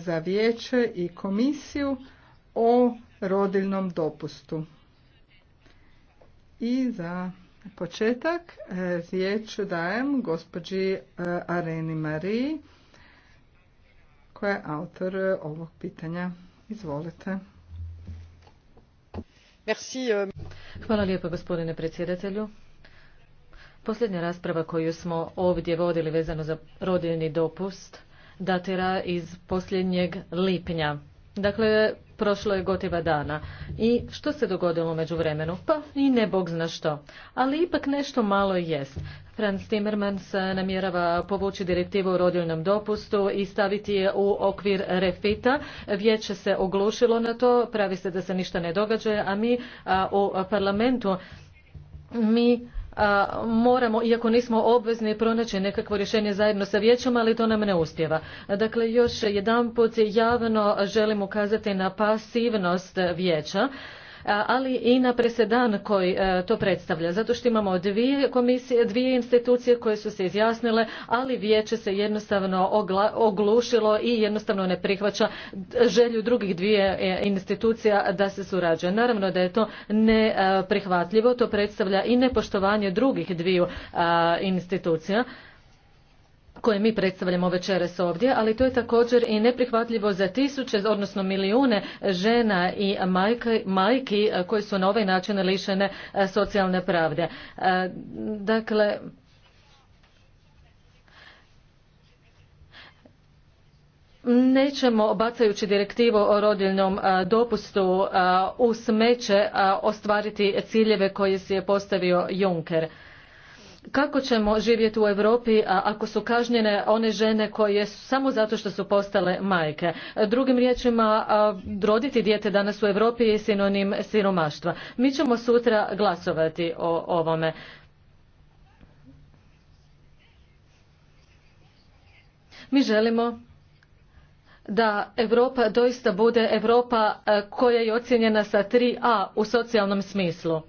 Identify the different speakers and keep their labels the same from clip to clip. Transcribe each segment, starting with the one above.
Speaker 1: za vijeće i komisiju o rodiljnom dopustu. I za početak e, riječ dajem gospođi e, Areni Mariji koja je autor ovog pitanja. Izvolite.
Speaker 2: E. Hvala lijepo gospodine predsjedatelju. Posljednja rasprava koju smo ovdje vodili vezano za rodiljni dopust datira iz posljednjeg lipnja. Dakle, prošlo je gotiva dana. I što se dogodilo među vremenu? Pa i ne bog zna što. Ali ipak nešto malo jest. Franz Timmermans namjerava povući direktivu o rodiljnom dopustu i staviti je u okvir refita. Vijeće se oglušilo na to, pravi se da se ništa ne događa, a mi u parlamentu mi moramo, iako nismo obvezni, pronaći nekakvo rješenje zajedno sa vijećom, ali to nam ne uspjeva. Dakle, još jedanput javno želim ukazati na pasivnost vijeća ali i na presedan koji e, to predstavlja. Zato što imamo dvije komisije, dvije institucije koje su se izjasnile, ali vijeće se jednostavno oglušilo i jednostavno ne prihvaća želju drugih dvije e, institucija da se surađuje. Naravno da je to neprihvatljivo, e, to predstavlja i nepoštovanje drugih dviju institucija koje mi predstavljamo večeras ovdje, ali to je također i neprihvatljivo za tisuće, odnosno milijune žena i majki e, koje su na ovaj način lišene e, socijalne pravde. E, dakle, nećemo bacajući direktivu o rodiljnom dopustu u smeće ostvariti ciljeve koje si je postavio Juncker kako ćemo živjeti u Europi ako su kažnjene one žene koje su samo zato što su postale majke? Drugim riječima, roditi dijete danas u Europi je sinonim siromaštva. Mi ćemo sutra glasovati o ovome. Mi želimo da Europa doista bude Europa koja je ocijenjena sa 3A u socijalnom smislu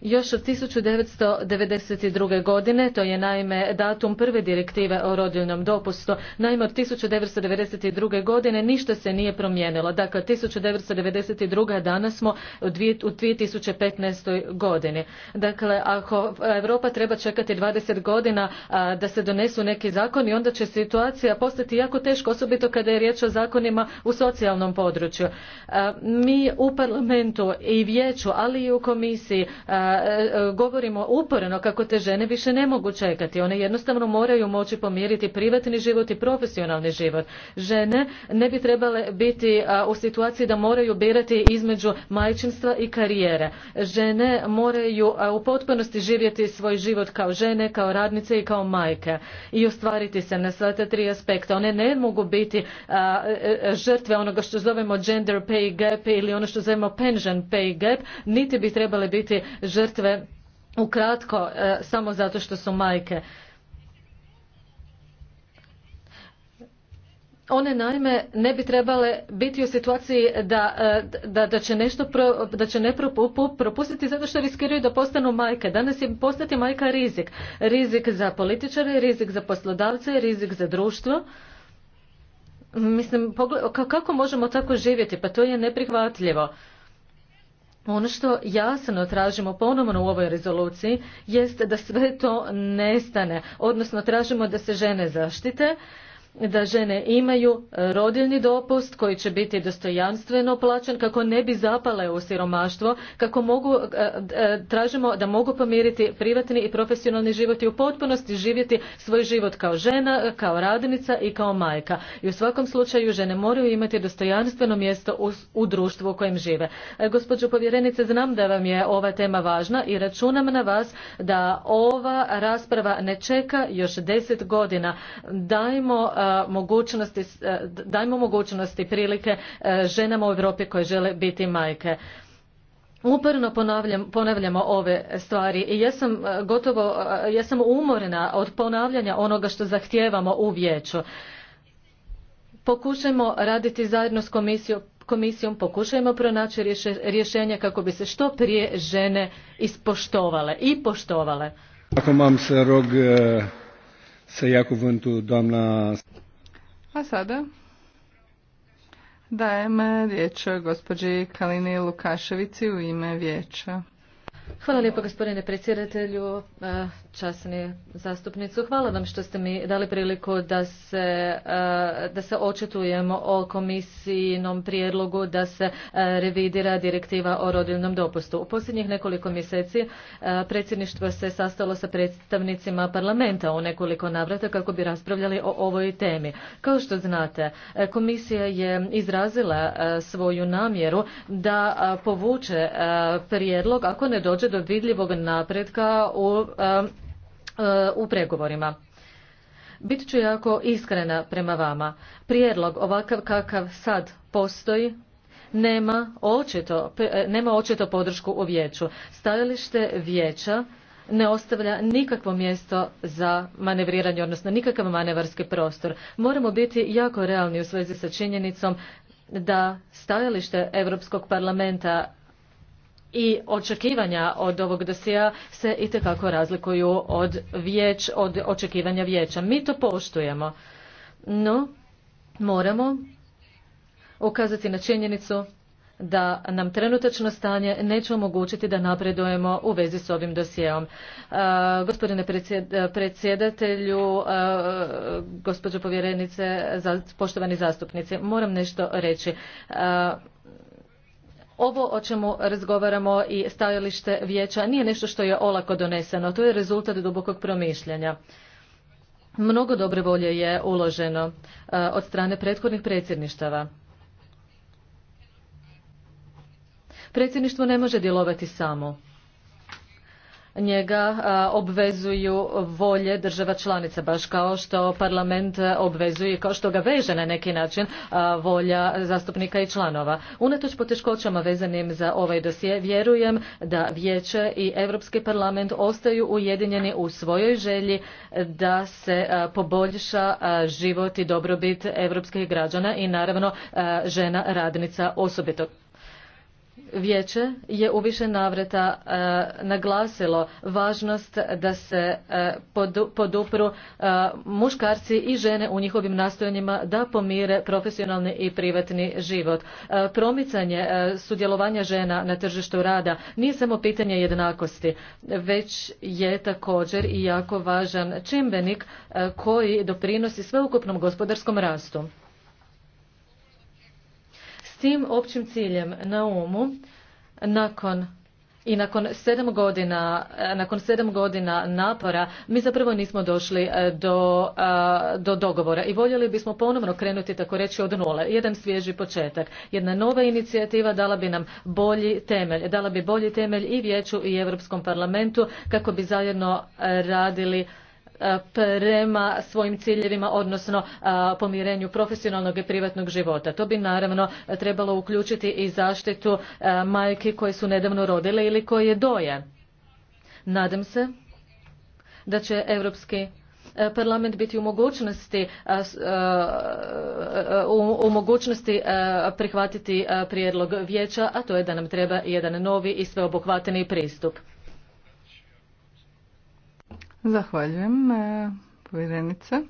Speaker 2: još od 1992. godine, to je naime datum prve direktive o rodiljnom dopustu, naime od 1992. godine ništa se nije promijenilo. Dakle, 1992. danas smo u 2015. godini. Dakle, ako Europa treba čekati 20 godina da se donesu neki zakoni, onda će situacija postati jako teška, osobito kada je riječ o zakonima u socijalnom području. mi u parlamentu i vijeću, ali i u komisiji E, e, govorimo uporno kako te žene više ne mogu čekati. One jednostavno moraju moći pomiriti privatni život i profesionalni život. Žene ne bi trebale biti e, u situaciji da moraju birati između majčinstva i karijere. Žene moraju u potpunosti živjeti svoj život kao žene, kao radnice i kao majke i ostvariti se na sva ta tri aspekta. One ne mogu biti žrtve onoga što zovemo gender pay gap ili ono što zovemo pension pay gap, niti bi trebale biti žrtve ukratko e, samo zato što su majke. one naime ne bi trebale biti u situaciji da, e, da, da će nešto da će ne propustiti zato što riskiraju da postanu majke. Danas je postati majka rizik. Rizik za političare, rizik za poslodavce, rizik za društvo. Mislim, kako možemo tako živjeti? Pa to je neprihvatljivo. Ono što jasno tražimo ponovno u ovoj rezoluciji jest da sve to nestane, odnosno tražimo da se žene zaštite, da žene imaju e, rodiljni dopust koji će biti dostojanstveno plaćen kako ne bi zapale u siromaštvo, kako mogu, e, e, tražimo da mogu pomiriti privatni i profesionalni život i u potpunosti živjeti svoj život kao žena, kao radnica i kao majka. I u svakom slučaju žene moraju imati dostojanstveno mjesto u, društvu u kojem žive. Gospođo povjerenice, znam da vam je ova tema važna i računam na vas da ova rasprava ne čeka još deset godina. Dajmo mogućnosti, dajmo mogućnosti i prilike ženama u Europi koje žele biti majke. Uporno ponavljamo ove stvari i jesam gotovo, jesam umorna od ponavljanja onoga što zahtijevamo u vijeću. Pokušajmo raditi zajedno s komisijom, komisijom pokušajmo pronaći rješenje kako bi se što prije žene ispoštovale i poštovale.
Speaker 3: mam se să ia cuvântul
Speaker 2: A sada
Speaker 1: dajem riječ gospođi Kalini Lukaševici u ime vijeća.
Speaker 2: Hvala lijepo gospodine predsjedatelju, časni zastupnicu. Hvala vam što ste mi dali priliku da se, da se očitujemo o komisijinom prijedlogu da se revidira direktiva o rodiljnom dopustu. U posljednjih nekoliko mjeseci predsjedništvo se sastalo sa predstavnicima parlamenta u nekoliko navrata kako bi raspravljali o ovoj temi. Kao što znate, komisija je izrazila svoju namjeru da povuče prijedlog ako ne dođe dođe do vidljivog napretka u, e, u pregovorima. Bit ću jako iskrena prema vama. Prijedlog ovakav kakav sad postoji nema očito, e, nema očito podršku u vijeću. Stajalište vijeća ne ostavlja nikakvo mjesto za manevriranje, odnosno nikakav manevarski prostor. Moramo biti jako realni u svezi sa činjenicom da stajalište Europskog parlamenta i očekivanja od ovog dosija se itekako razlikuju od, vijeć, od očekivanja vijeća. Mi to poštujemo, no moramo ukazati na činjenicu da nam trenutačno stanje neće omogućiti da napredujemo u vezi s ovim dosijeom. E, gospodine predsjedatelju, e, gospođo povjerenice, za, poštovani zastupnici, moram nešto reći. E, ovo o čemu razgovaramo i stajalište vijeća nije nešto što je olako doneseno, to je rezultat dubokog promišljanja. Mnogo dobre volje je uloženo e, od strane prethodnih predsjedništava. Predsjedništvo ne može djelovati samo njega obvezuju volje država članica baš kao što parlament obvezuje i kao što ga veže na neki način volja zastupnika i članova. Unatoč poteškoćama vezanim za ovaj dosje vjerujem da vijeće i Europski parlament ostaju ujedinjeni u svojoj želji da se poboljša život i dobrobit europskih građana i naravno žena radnica osobito. Vijeće je u više navrata e, naglasilo važnost da se e, podupru e, muškarci i žene u njihovim nastojanjima da pomire profesionalni i privatni život. Promicanje sudjelovanja žena na tržištu rada nije samo pitanje jednakosti, već je također i jako važan čimbenik koji doprinosi sveukupnom gospodarskom rastu. S tim općim ciljem na umu, nakon i nakon sedam godina, e, nakon sedam godina napora mi zapravo nismo došli e, do, e, do dogovora i voljeli bismo ponovno krenuti tako reći od nule, jedan svježi početak. Jedna nova inicijativa dala bi nam bolji temelj, dala bi bolji temelj i vijeću i Europskom parlamentu kako bi zajedno radili E, prema svojim ciljevima, odnosno e, pomirenju profesionalnog i privatnog života. To bi naravno trebalo uključiti i zaštitu e, majke koje su nedavno rodile ili koje doje. Nadam se da će Europski parlament biti u mogućnosti u mogućnosti prihvatiti prijedlog vijeća, a to je da nam treba jedan novi i sveobuhvateni pristup.
Speaker 1: Zahvaljujem, e, povjerenica.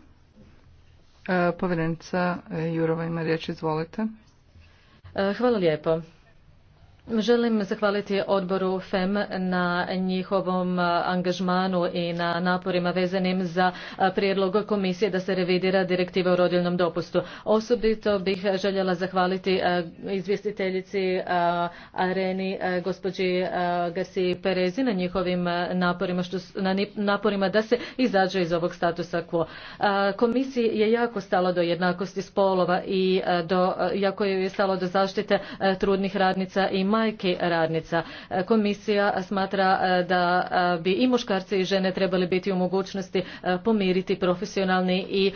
Speaker 1: E, povjerenica Jurova ima riječ, izvolite. E, hvala lijepo.
Speaker 2: Želim zahvaliti odboru FEM na njihovom angažmanu i na naporima vezanim za prijedlog komisije da se revidira direktiva o rodiljnom dopustu. Osobito bih željela zahvaliti izvjestiteljici Areni gospođi Gasi Perezi na njihovim naporima, naporima da se izađe iz ovog statusa quo. Komisiji je jako stalo do jednakosti spolova i do, jako je stalo do zaštite trudnih radnica i majki radnica. E, komisija smatra e, da e, bi i muškarci i žene trebali biti u mogućnosti pomiriti profesionalni i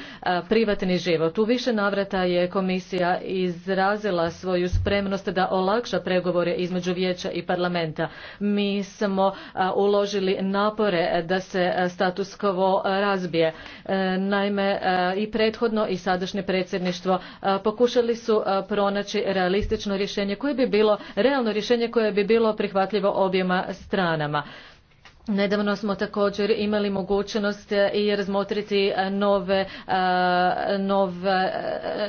Speaker 2: privatni život. U više navrata je komisija izrazila svoju spremnost da olakša pregovore između vijeća i parlamenta. Mi smo uložili napore da se status quo razbije. Naime, i prethodno i sadašnje predsjedništvo pokušali su pronaći realistično rješenje koje bi bilo realno rješenje koje bi bilo prihvatljivo objema stranama. Nedavno smo također imali mogućnost eh, i razmotriti eh, nove, eh, nove,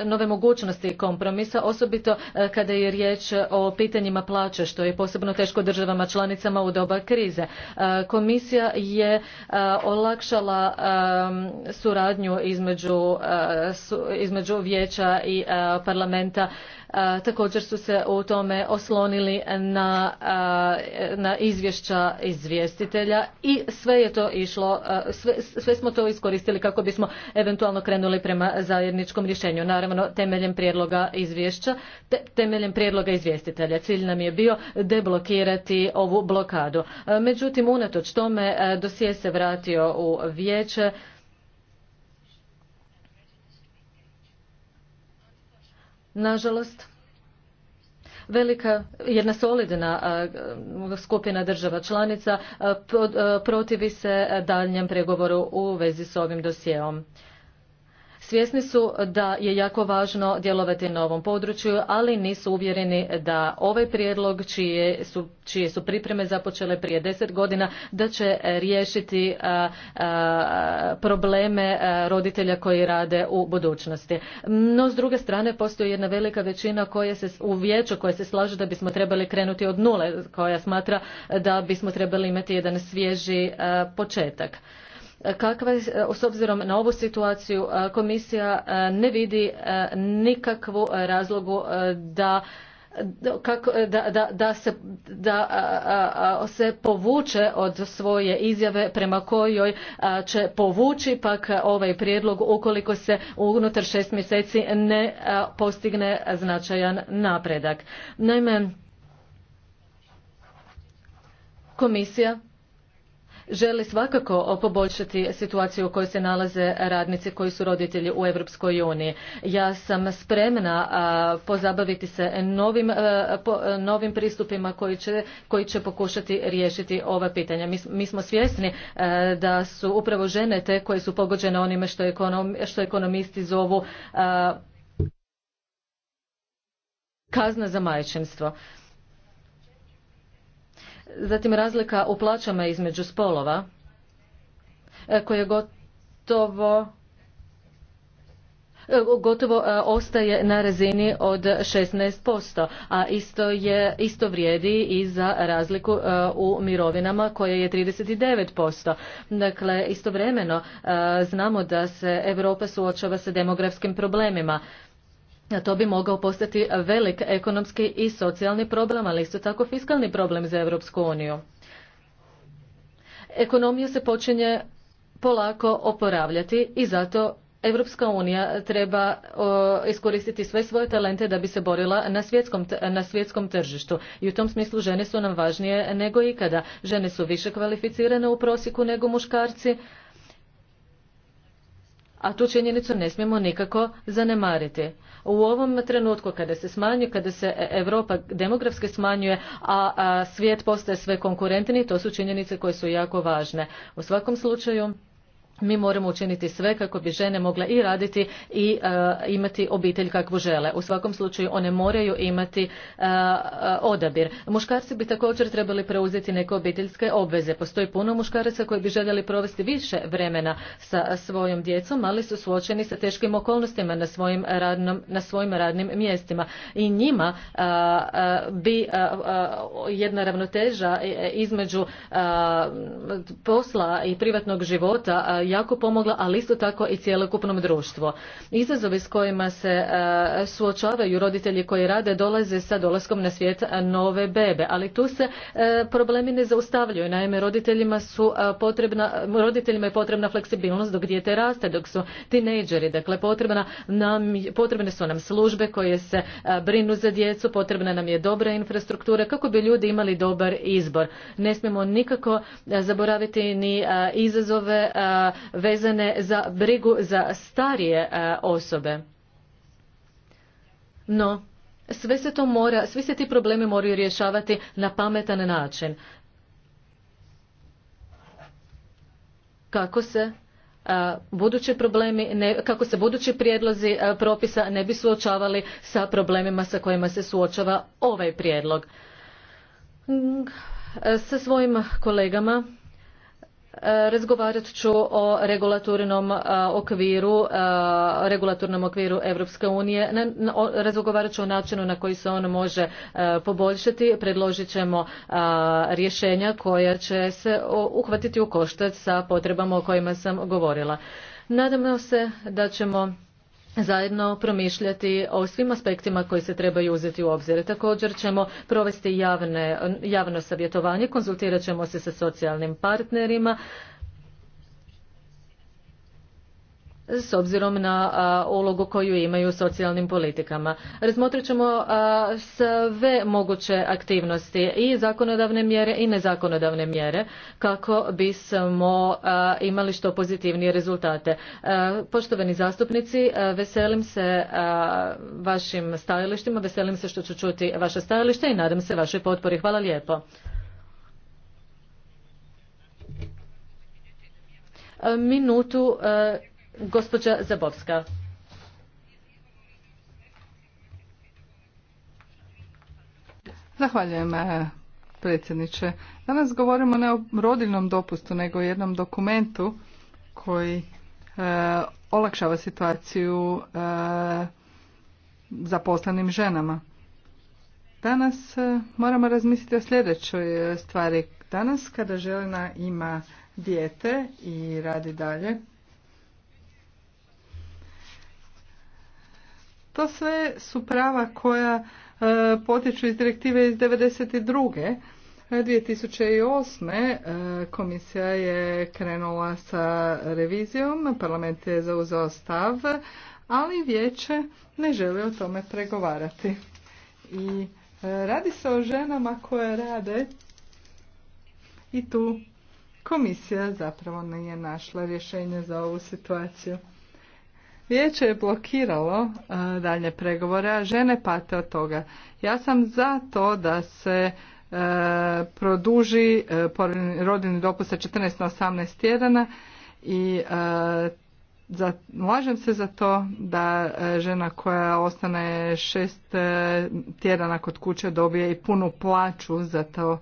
Speaker 2: nove mogućnosti kompromisa, osobito kada je riječ o pitanjima plaće, što je posebno teško državama članicama u doba krize. Komisija je olakšala ehm, suradnju između, između vijeća i parlamenta također su se u tome oslonili na, izvješća izvjestitelja i sve je to išlo, sve, smo to iskoristili kako bismo eventualno krenuli prema zajedničkom rješenju, naravno temeljem prijedloga izvješća, temeljem prijedloga izvjestitelja. Cilj nam je bio deblokirati ovu blokadu. Međutim, unatoč tome dosije se vratio u vijeće Nažalost, velika jedna solidna skupina država članica protivi se daljnjem pregovoru u vezi s ovim dosjeom. Svjesni su da je jako važno djelovati na ovom području, ali nisu uvjereni da ovaj prijedlog čije su, pripreme započele prije deset godina da će riješiti probleme roditelja koji rade u budućnosti. No, s druge strane, postoji jedna velika većina koja se, u vijeću koja se slaže da bismo trebali krenuti od nule, koja smatra da bismo trebali imati jedan svježi početak. E, kakva e, s obzirom na ovu situaciju e, komisija ne vidi nikakvu razlogu da da, se, povuče od svoje izjave prema kojoj će povući pak ovaj prijedlog ukoliko se unutar šest mjeseci ne postigne značajan napredak. Naime, komisija želi svakako poboljšati situaciju u kojoj se nalaze radnici koji su roditelji u Europskoj uniji. Ja sam spremna pozabaviti se novim, e, pristupima koji će, pokušati riješiti ova pitanja. Mi, smo svjesni e, da su upravo žene te koje su pogođene onime što ekonomisti zovu e, kazna za majčinstvo zatim razlika u plaćama između spolova e, koja gotovo e, gotovo e, ostaje na razini od 16%, a isto, je, isto vrijedi i za razliku u mirovinama koja je 39%. Dakle, istovremeno znamo da se Europa suočava sa demografskim problemima to bi mogao postati velik ekonomski i socijalni problem, ali isto tako fiskalni problem za Europsku uniju. Ekonomija se počinje polako oporavljati i zato Europska unija treba iskoristiti sve svoje talente da bi se borila na na svjetskom tržištu. I u tom smislu žene su nam važnije nego ikada. Žene su više kvalificirane u prosjeku nego muškarci, a tu činjenicu ne smijemo nikako zanemariti u ovom trenutku kada se smanjuje, kada se Europa demografski smanjuje, a svijet postaje sve konkurentniji, to su činjenice koje su jako važne. U svakom slučaju mi moramo učiniti sve kako bi žene mogle i raditi i e, imati obitelj kakvu žele. U svakom slučaju one moraju imati e, e, odabir. Muškarci bi također trebali preuzeti neke obiteljske obveze. Postoji puno muškaraca koji bi željeli provesti više vremena sa svojom djecom, ali su suočeni sa teškim okolnostima na svojim, radnom, na svojim radnim mjestima. I njima bi jedna ravnoteža između posla i privatnog života jako pomogla, ali isto tako i cjelokupnom društvu. Izazovi s kojima se e, suočavaju roditelji koji rade dolaze sa dolaskom na svijet e, nove bebe, ali tu se e, problemi ne zaustavljaju. Naime, roditeljima, su potrebna, roditeljima je potrebna fleksibilnost dok dijete raste, dok su tinejdžeri. Dakle, potrebne su nam službe koje se brinu za djecu, potrebna nam je dobra infrastruktura kako bi ljudi imali dobar izbor. Ne smijemo nikako zaboraviti ni izazove vezane za brigu za starije e, osobe. No, sve se to mora, svi se ti problemi moraju rješavati na pametan način. Kako se e, budući problemi, kako se budući prijedlozi e, propisa ne bi suočavali sa problemima sa kojima se suočava ovaj prijedlog. Sa svojim kolegama E, razgovarat ću o regulatornom e, okviru, e, regulatornom okviru Europske unije. Razgovarat ću o načinu na koji se on može poboljšati. Predložit ćemo rješenja koja će se uhvatiti u koštac sa potrebama o kojima sam govorila. Nadamo se da ćemo zajedno promišljati o svim aspektima koji se trebaju uzeti u obzir. Također ćemo provesti javno savjetovanje, konzultirat ćemo se sa socijalnim partnerima, s obzirom na ulogu koju imaju u socijalnim politikama. Razmotrit ćemo sve moguće aktivnosti i zakonodavne mjere i nezakonodavne mjere kako bismo imali što pozitivnije rezultate. Poštovani zastupnici, veselim se vašim stajalištima, veselim se što ću čuti vaše stajalište i nadam se vašoj potpori. Hvala lijepo. Minutu Gospođa Zabovska.
Speaker 1: Zahvaljujem eh, predsjedniče. Danas govorimo ne o rodiljnom dopustu, nego o jednom dokumentu koji e, olakšava situaciju e, zaposlenim ženama. Danas moramo razmisliti o sljedećoj stvari. Danas kada žena ima dijete i radi dalje, To sve su prava koja e, potiču iz direktive iz 1992. 2008. E, komisija je krenula sa revizijom, parlament je zauzeo stav, ali vijeće ne želi o tome pregovarati. I e, radi se o ženama koje rade i tu komisija zapravo nije našla rješenje za ovu situaciju. Vijeće je blokiralo e, dalje pregovore, a žene pate od toga. Ja sam za to da se e, produži e, rodini dopust sa 14 na 18 tjedana i Lažem se za to da žena koja ostane šest tjedana kod kuće dobije i punu plaću za to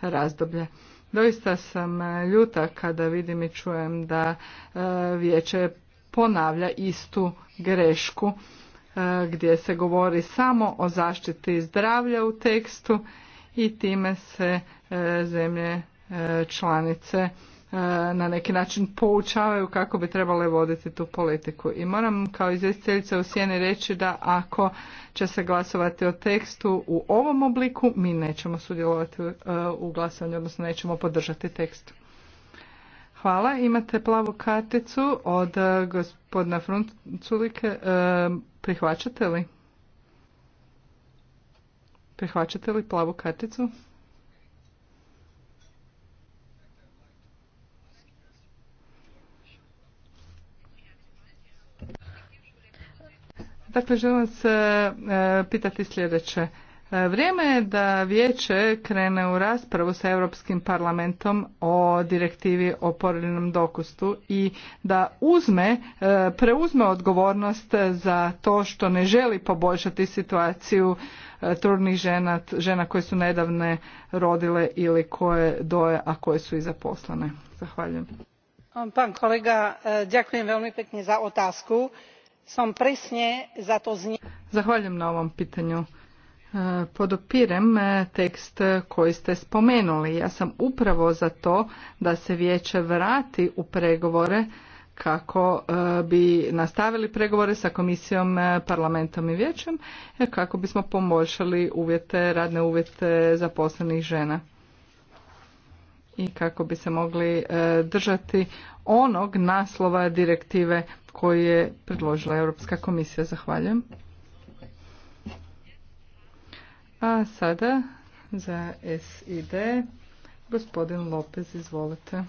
Speaker 1: razdoblje. Doista sam ljuta kada vidim i čujem da vijeće ponavlja istu grešku e, gdje se govori samo o zaštiti zdravlja u tekstu i time se e, zemlje e, članice na neki način poučavaju kako bi trebale voditi tu politiku. I moram kao izvjestiteljica u sjeni reći da ako će se glasovati o tekstu u ovom obliku, mi nećemo sudjelovati u glasanju, odnosno nećemo podržati tekst. Hvala. Imate plavu karticu od e, gospodina Frunculike. E, prihvaćate li? Prihvaćate li plavu karticu? Dakle, želim se pitati sljedeće. Vrijeme je da vijeće krene u raspravu sa Europskim parlamentom o direktivi o porodiljnom dokustu i da uzme, e, preuzme odgovornost za to što ne želi poboljšati situaciju e, trudnih žena, žena koje su nedavne rodile ili koje doje, a koje su i zaposlene. Zahvaljujem.
Speaker 4: Pan kolega, e,
Speaker 1: ďakujem veľmi pekne za otázku. Som presne za to Zahvaljujem na ovom pitanju Podopirem e, tekst koji ste spomenuli. Ja sam upravo za to da se vijeće vrati u pregovore kako e, bi nastavili pregovore sa komisijom, e, parlamentom i vijećem kako bismo poboljšali uvjete, radne uvjete zaposlenih žena i kako bi se mogli držati onog naslova direktive koji je predložila Europska komisija. Zahvaljujem. A sada za SID gospodin Lopez, izvolite.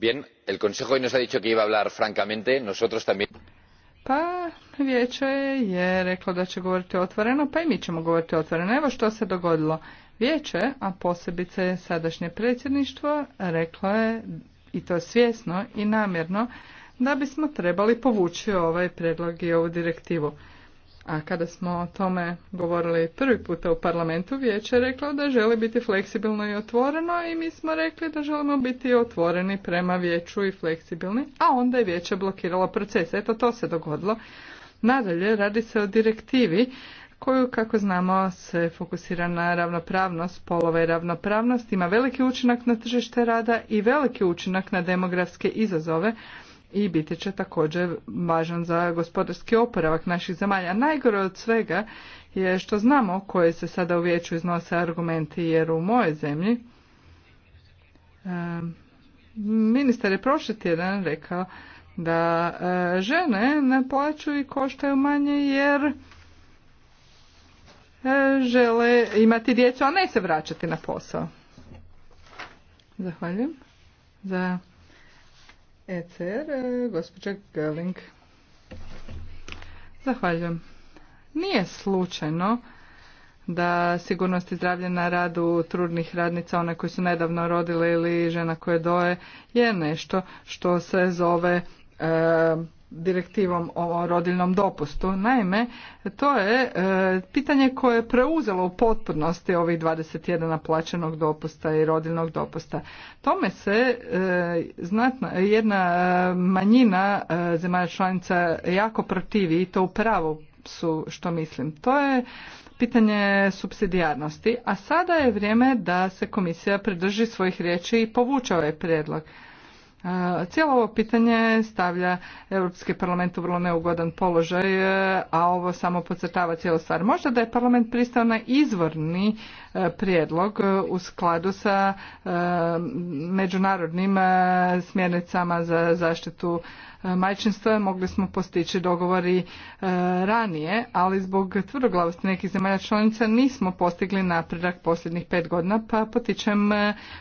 Speaker 3: Bien, el Consejo nos ha dicho que iba a hablar francamente, nosotros también.
Speaker 1: Pa, vijeće je reklo da će govoriti otvoreno, pa i mi ćemo govoriti otvoreno. Evo što se dogodilo. Vijeće, a posebice sadašnje predsjedništvo, reklo je, i to svjesno i namjerno, da bismo trebali povući ovaj predlog i ovu direktivu. A kada smo o tome govorili prvi puta u parlamentu, vijeće je reklo da želi biti fleksibilno i otvoreno i mi smo rekli da želimo biti otvoreni prema vijeću i fleksibilni, a onda je vijeće blokiralo proces. Eto to se dogodilo. Nadalje, radi se o direktivi koju, kako znamo, se fokusira na ravnopravnost, polova i ravnopravnost, ima veliki učinak na tržište rada i veliki učinak na demografske izazove, i biti će također važan za gospodarski oporavak naših zemalja. Najgore od svega je što znamo koje se sada u vijeću iznose argumenti jer u mojoj zemlji ministar je prošli tjedan rekao da e, žene ne plaću i koštaju manje jer e, žele imati djecu, a ne se vraćati na posao. Zahvaljujem. Za ECR, e, gospođa Gerling. Zahvaljujem. Nije slučajno da sigurnost i zdravlje na radu trudnih radnica, one koje su nedavno rodile ili žena koje doje, je nešto što se zove e, direktivom o rodiljnom dopustu. Naime, to je e, pitanje koje je preuzelo u potpunosti ovih 21 plaćenog dopusta i rodiljnog dopusta. Tome se e, znatna, jedna e, manjina zemalja članica jako protivi i to u pravu su što mislim. To je pitanje subsidijarnosti, a sada je vrijeme da se komisija pridrži svojih riječi i povuče ovaj prijedlog. Cijelo ovo pitanje stavlja Europski parlament u vrlo neugodan položaj, a ovo samo podcrtava cijelu stvar. Možda da je parlament pristao na izvorni prijedlog e, u skladu sa e, međunarodnim e, smjernicama za zaštitu majčinstva. Mogli smo postići dogovori ranije, ali zbog tvrdoglavosti nekih zemalja članica nismo postigli napredak posljednjih pet godina, pa potičem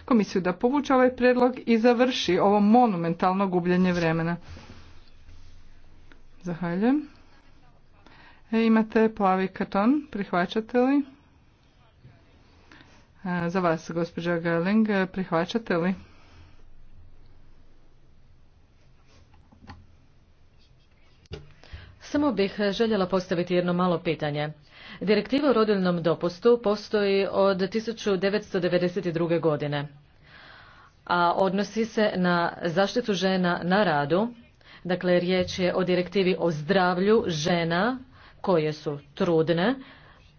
Speaker 1: komisiju da povuče ovaj prijedlog i završi ovo monumentalno gubljenje vremena. Zahvaljujem. imate plavi karton, prihvaćate li? za vas, gospođa Gerling. Prihvaćate li?
Speaker 2: Samo bih željela postaviti jedno malo pitanje. Direktiva o rodiljnom dopustu postoji od 1992. godine, a odnosi se na zaštitu žena na radu. Dakle, riječ je o direktivi o zdravlju žena koje su trudne,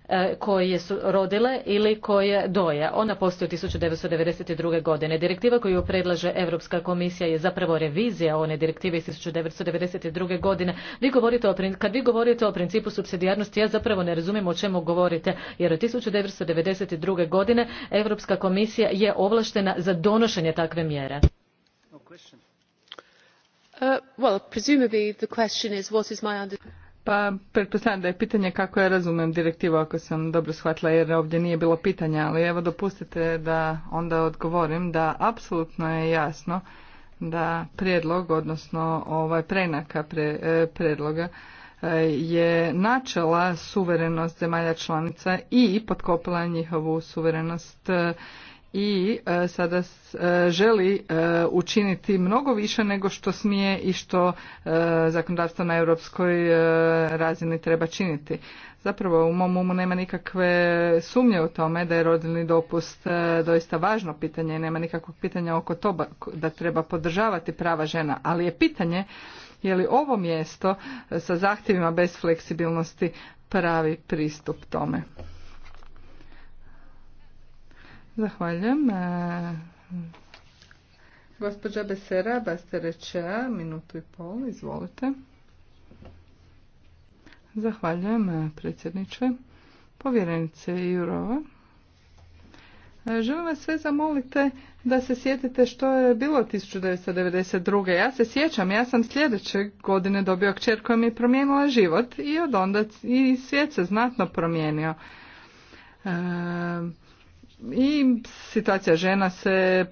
Speaker 2: E, koje su rodile ili koje doje. Ona postoji od 1992. godine. Direktiva koju predlaže Europska komisija je zapravo revizija one direktive iz 1992. godine. Vi govorite o, kad vi govorite o principu subsidijarnosti, ja zapravo ne razumijem o čemu govorite, jer od 1992. godine Europska komisija je ovlaštena za donošenje takve mjere. Uh, well, presumably the question is what is my
Speaker 1: pa, pretpostavljam da je pitanje kako ja razumijem direktivu, ako sam dobro shvatila, jer ovdje nije bilo pitanja, ali evo dopustite da onda odgovorim da apsolutno je jasno da prijedlog, odnosno ovaj prenaka pre, e, predloga, e, je načela suverenost zemalja članica i potkopila njihovu suverenost e, i e, sada e, želi e, učiniti mnogo više nego što smije i što zakonodavstvo na europskoj razini treba činiti. Zapravo u mom umu nema nikakve sumnje u tome da je rodilni dopust doista važno pitanje i nema nikakvog pitanja oko toga da treba podržavati prava žena, ali je pitanje je li ovo mjesto sa zahtjevima bez fleksibilnosti pravi pristup tome. Zahvaljujem. E, Gospođa Besera Bastereća, minutu i pol, izvolite. Zahvaljujem e, predsjedniče, povjerenice Jurova. E, želim vas sve zamolite da se sjetite što je bilo 1992. Ja se sjećam, ja sam sljedeće godine dobio kćer koja mi je promijenila život i od onda i svijet se znatno promijenio. E, i situacija žena se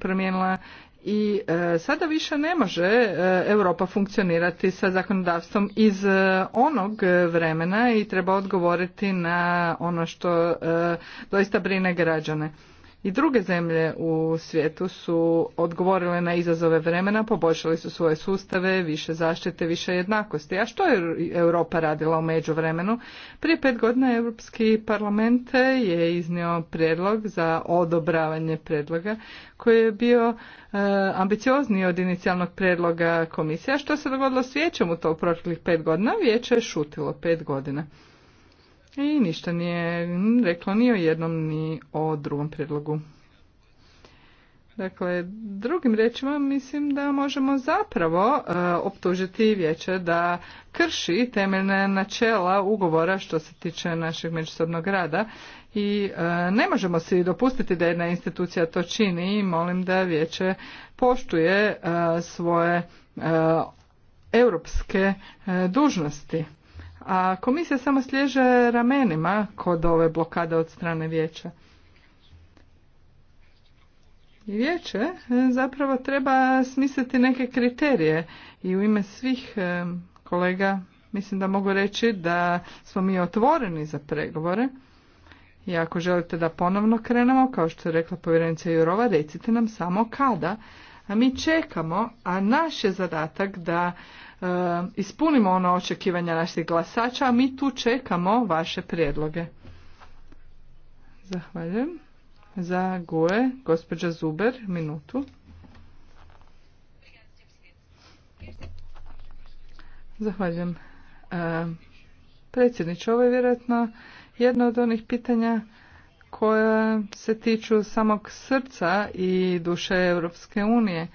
Speaker 1: promijenila i e, sada više ne može e, Europa funkcionirati sa zakonodavstvom iz e, onog vremena i treba odgovoriti na ono što doista brine građane i druge zemlje u svijetu su odgovorile na izazove vremena, poboljšali su svoje sustave, više zaštite, više jednakosti. A što je Europa radila u međuvremenu? Prije pet godina Europski parlament je iznio prijedlog za odobravanje predloga koji je bio e, ambiciozniji od inicijalnog predloga komisija. Što se dogodilo s vijećem u to u proteklih pet godina? Vijeće je šutilo pet godina i ništa nije reklo ni o jednom ni o drugom prijedlogu. Dakle, drugim riječima mislim da možemo zapravo e, optužiti vijeće da krši temeljne načela ugovora što se tiče našeg međusobnog rada i e, ne možemo si dopustiti da jedna institucija to čini i molim da vijeće poštuje e, svoje europske dužnosti a komisija samo slježe ramenima kod ove blokade od strane vijeća. Vijeće e, zapravo treba smisliti neke kriterije i u ime svih e, kolega mislim da mogu reći da smo mi otvoreni za pregovore i ako želite da ponovno krenemo, kao što je rekla povjerenica Jurova, recite nam samo kada. A mi čekamo, a naš je zadatak da Eh, ispunimo ono očekivanja naših glasača, a mi tu čekamo vaše prijedloge. Zahvaljujem. Za GUE, gospođa Zuber, minutu. Zahvaljujem. E, eh, predsjednič, ovo je vjerojatno jedno od onih pitanja koja se tiču samog srca i duše Europske unije.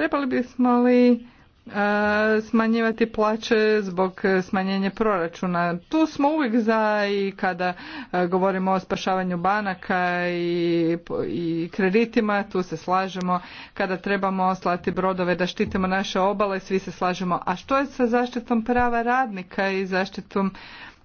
Speaker 1: Trebali bismo li e, smanjivati plaće zbog smanjenja proračuna. Tu smo uvijek za i kada e, govorimo o spašavanju banaka i, i kreditima, tu se slažemo. Kada trebamo slati brodove da štitimo naše obale, svi se slažemo. A što je sa zaštitom prava radnika i zaštitom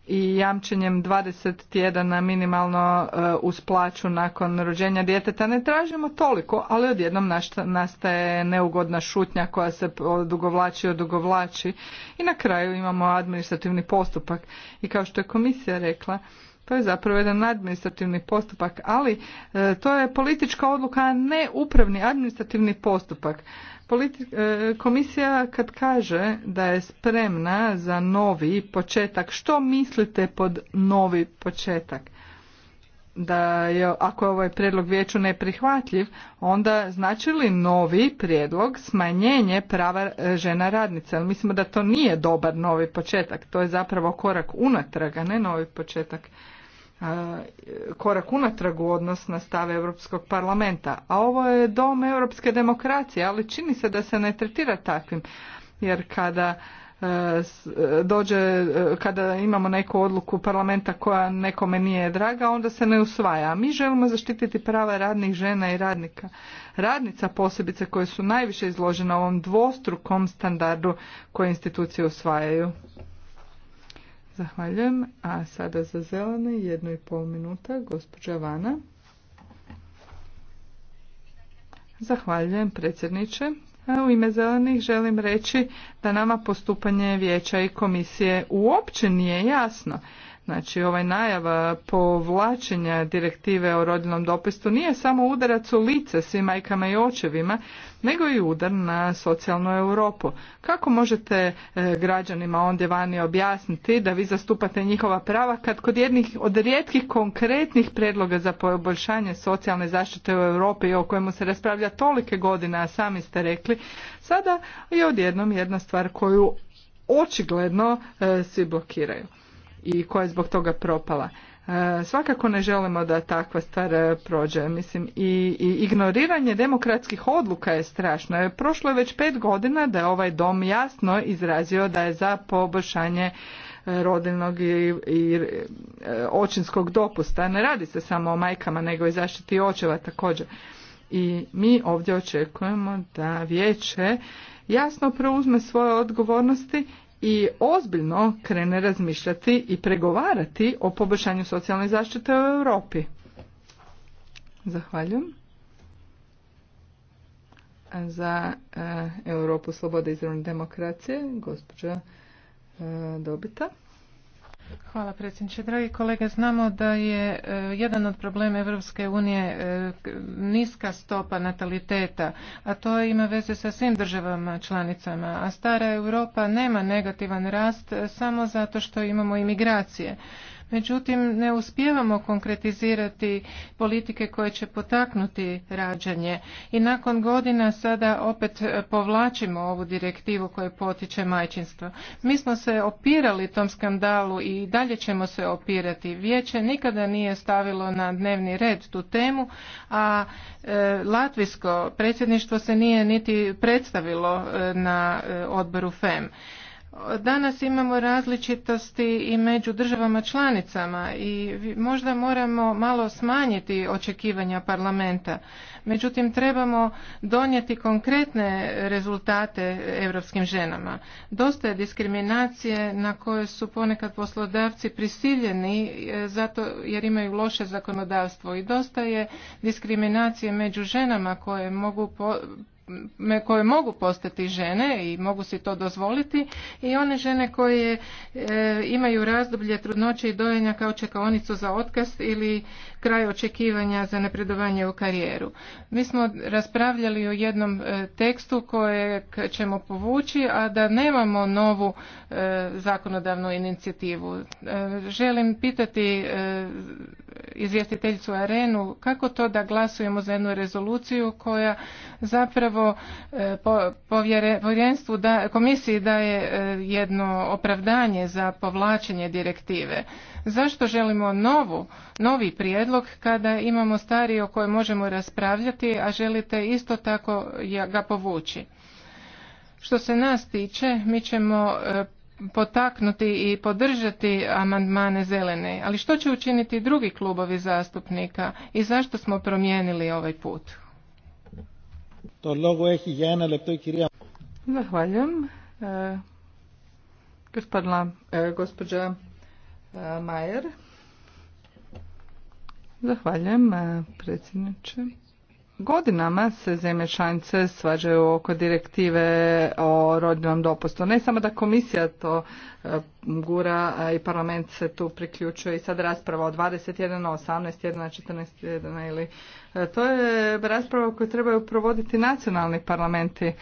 Speaker 1: i jamčenjem 20 tjedana minimalno e, uz plaću nakon rođenja djeteta ne tražimo toliko, ali odjednom nastaje neugodna šutnja koja se odugovlači i odugovlači i na kraju imamo administrativni postupak. I kao što je komisija rekla, to je zapravo jedan administrativni postupak, ali e, to je politička odluka, a ne upravni administrativni postupak. E, komisija kad kaže da je spremna za novi početak, što mislite pod novi početak? da je, ako je ovaj prijedlog vijeću neprihvatljiv, onda znači li novi prijedlog smanjenje prava e, žena radnica? Ali mislimo da to nije dobar novi početak, to je zapravo korak unatrag, a ne novi početak korak unatrag u odnos na stave Europskog parlamenta. A ovo je dom europske demokracije, ali čini se da se ne tretira takvim. Jer kada e, e, dođe, e, kada imamo neku odluku parlamenta koja nekome nije draga, onda se ne usvaja. mi želimo zaštititi prava radnih žena i radnika. Radnica posebice koje su najviše izložene ovom dvostrukom standardu koje institucije usvajaju. Zahvaljujem. A sada za zelene jednu i pol minuta, gospođa Vana. Zahvaljujem predsjedniče. U ime zelenih želim reći da nama postupanje vijeća i komisije uopće nije jasno. Znači, ovaj najava povlačenja direktive o rodiljnom dopustu nije samo udarac u lice svim majkama i očevima, nego i udar na socijalnu Europu. Kako možete e, građanima ondje vani objasniti da vi zastupate njihova prava kad kod jednih od rijetkih konkretnih predloga za poboljšanje socijalne zaštite u Europi o kojemu se raspravlja tolike godine, a sami ste rekli, sada je odjednom jedna stvar koju očigledno e, svi blokiraju i koja je zbog toga propala. E, svakako ne želimo da takva stvar e, prođe. Mislim, i, i ignoriranje demokratskih odluka je strašno. E, prošlo je već pet godina da je ovaj dom jasno izrazio da je za poboljšanje rodiljnog i, i očinskog dopusta. Ne radi se samo o majkama, nego i zaštiti očeva također. I mi ovdje očekujemo da vijeće jasno preuzme svoje odgovornosti i ozbiljno krene razmišljati i pregovarati o poboljšanju socijalne zaštite u Europi. Zahvaljujem. Za e, Europu slobode i demokracije,
Speaker 5: gospođa e, Dobita. Hvala predsjedniče. Dragi kolege, znamo da je e, jedan od problema Evropske unije e, niska stopa nataliteta, a to ima veze sa svim državama članicama, a stara Europa nema negativan rast e, samo zato što imamo imigracije međutim ne uspijevamo konkretizirati politike koje će potaknuti rađanje i nakon godina sada opet e, povlačimo ovu direktivu koja potiče majčinstvo. Mi smo se opirali tom skandalu i dalje ćemo se opirati. Vijeće nikada nije stavilo na dnevni red tu temu, a e, latvijsko predsjedništvo se nije niti predstavilo e, na e, odboru FEM. Danas imamo različitosti i među državama članicama i možda moramo malo smanjiti očekivanja parlamenta. Međutim, trebamo donijeti konkretne rezultate europskim ženama. Dosta je diskriminacije na koje su ponekad poslodavci prisiljeni e, zato jer imaju loše zakonodavstvo i dosta je diskriminacije među ženama koje mogu po koje mogu postati žene i mogu si to dozvoliti i one žene koje e, imaju razdoblje trudnoće i dojenja kao čekaonicu za otkaz ili kraj očekivanja za napredovanje u karijeru. Mi smo raspravljali o jednom e, tekstu koje ćemo povući, a da nemamo novu e, zakonodavnu inicijativu. E, želim pitati izvjestiteljicu Arenu kako to da glasujemo za jednu rezoluciju koja zapravo povjerenstvu da, komisiji daje jedno opravdanje za povlačenje direktive. Zašto želimo novu, novi prijedlog kada imamo stari o kojem možemo raspravljati, a želite isto tako ga povući. Što se nas tiče, mi ćemo e, potaknuti i podržati amandmane zelene, ali što će učiniti drugi klubovi zastupnika i zašto smo promijenili ovaj put? Zahvaljujem. E,
Speaker 1: e gospođa e, Majer. Zahvaljujem, e, predsjedniče. Godinama se zemlje članice svađaju oko direktive o rodinom dopustu. Ne samo da komisija to e, gura i parlament se tu priključuje i sad rasprava o 21, 18, 11, 14, 11 ili e, to je rasprava koju trebaju provoditi nacionalni parlamenti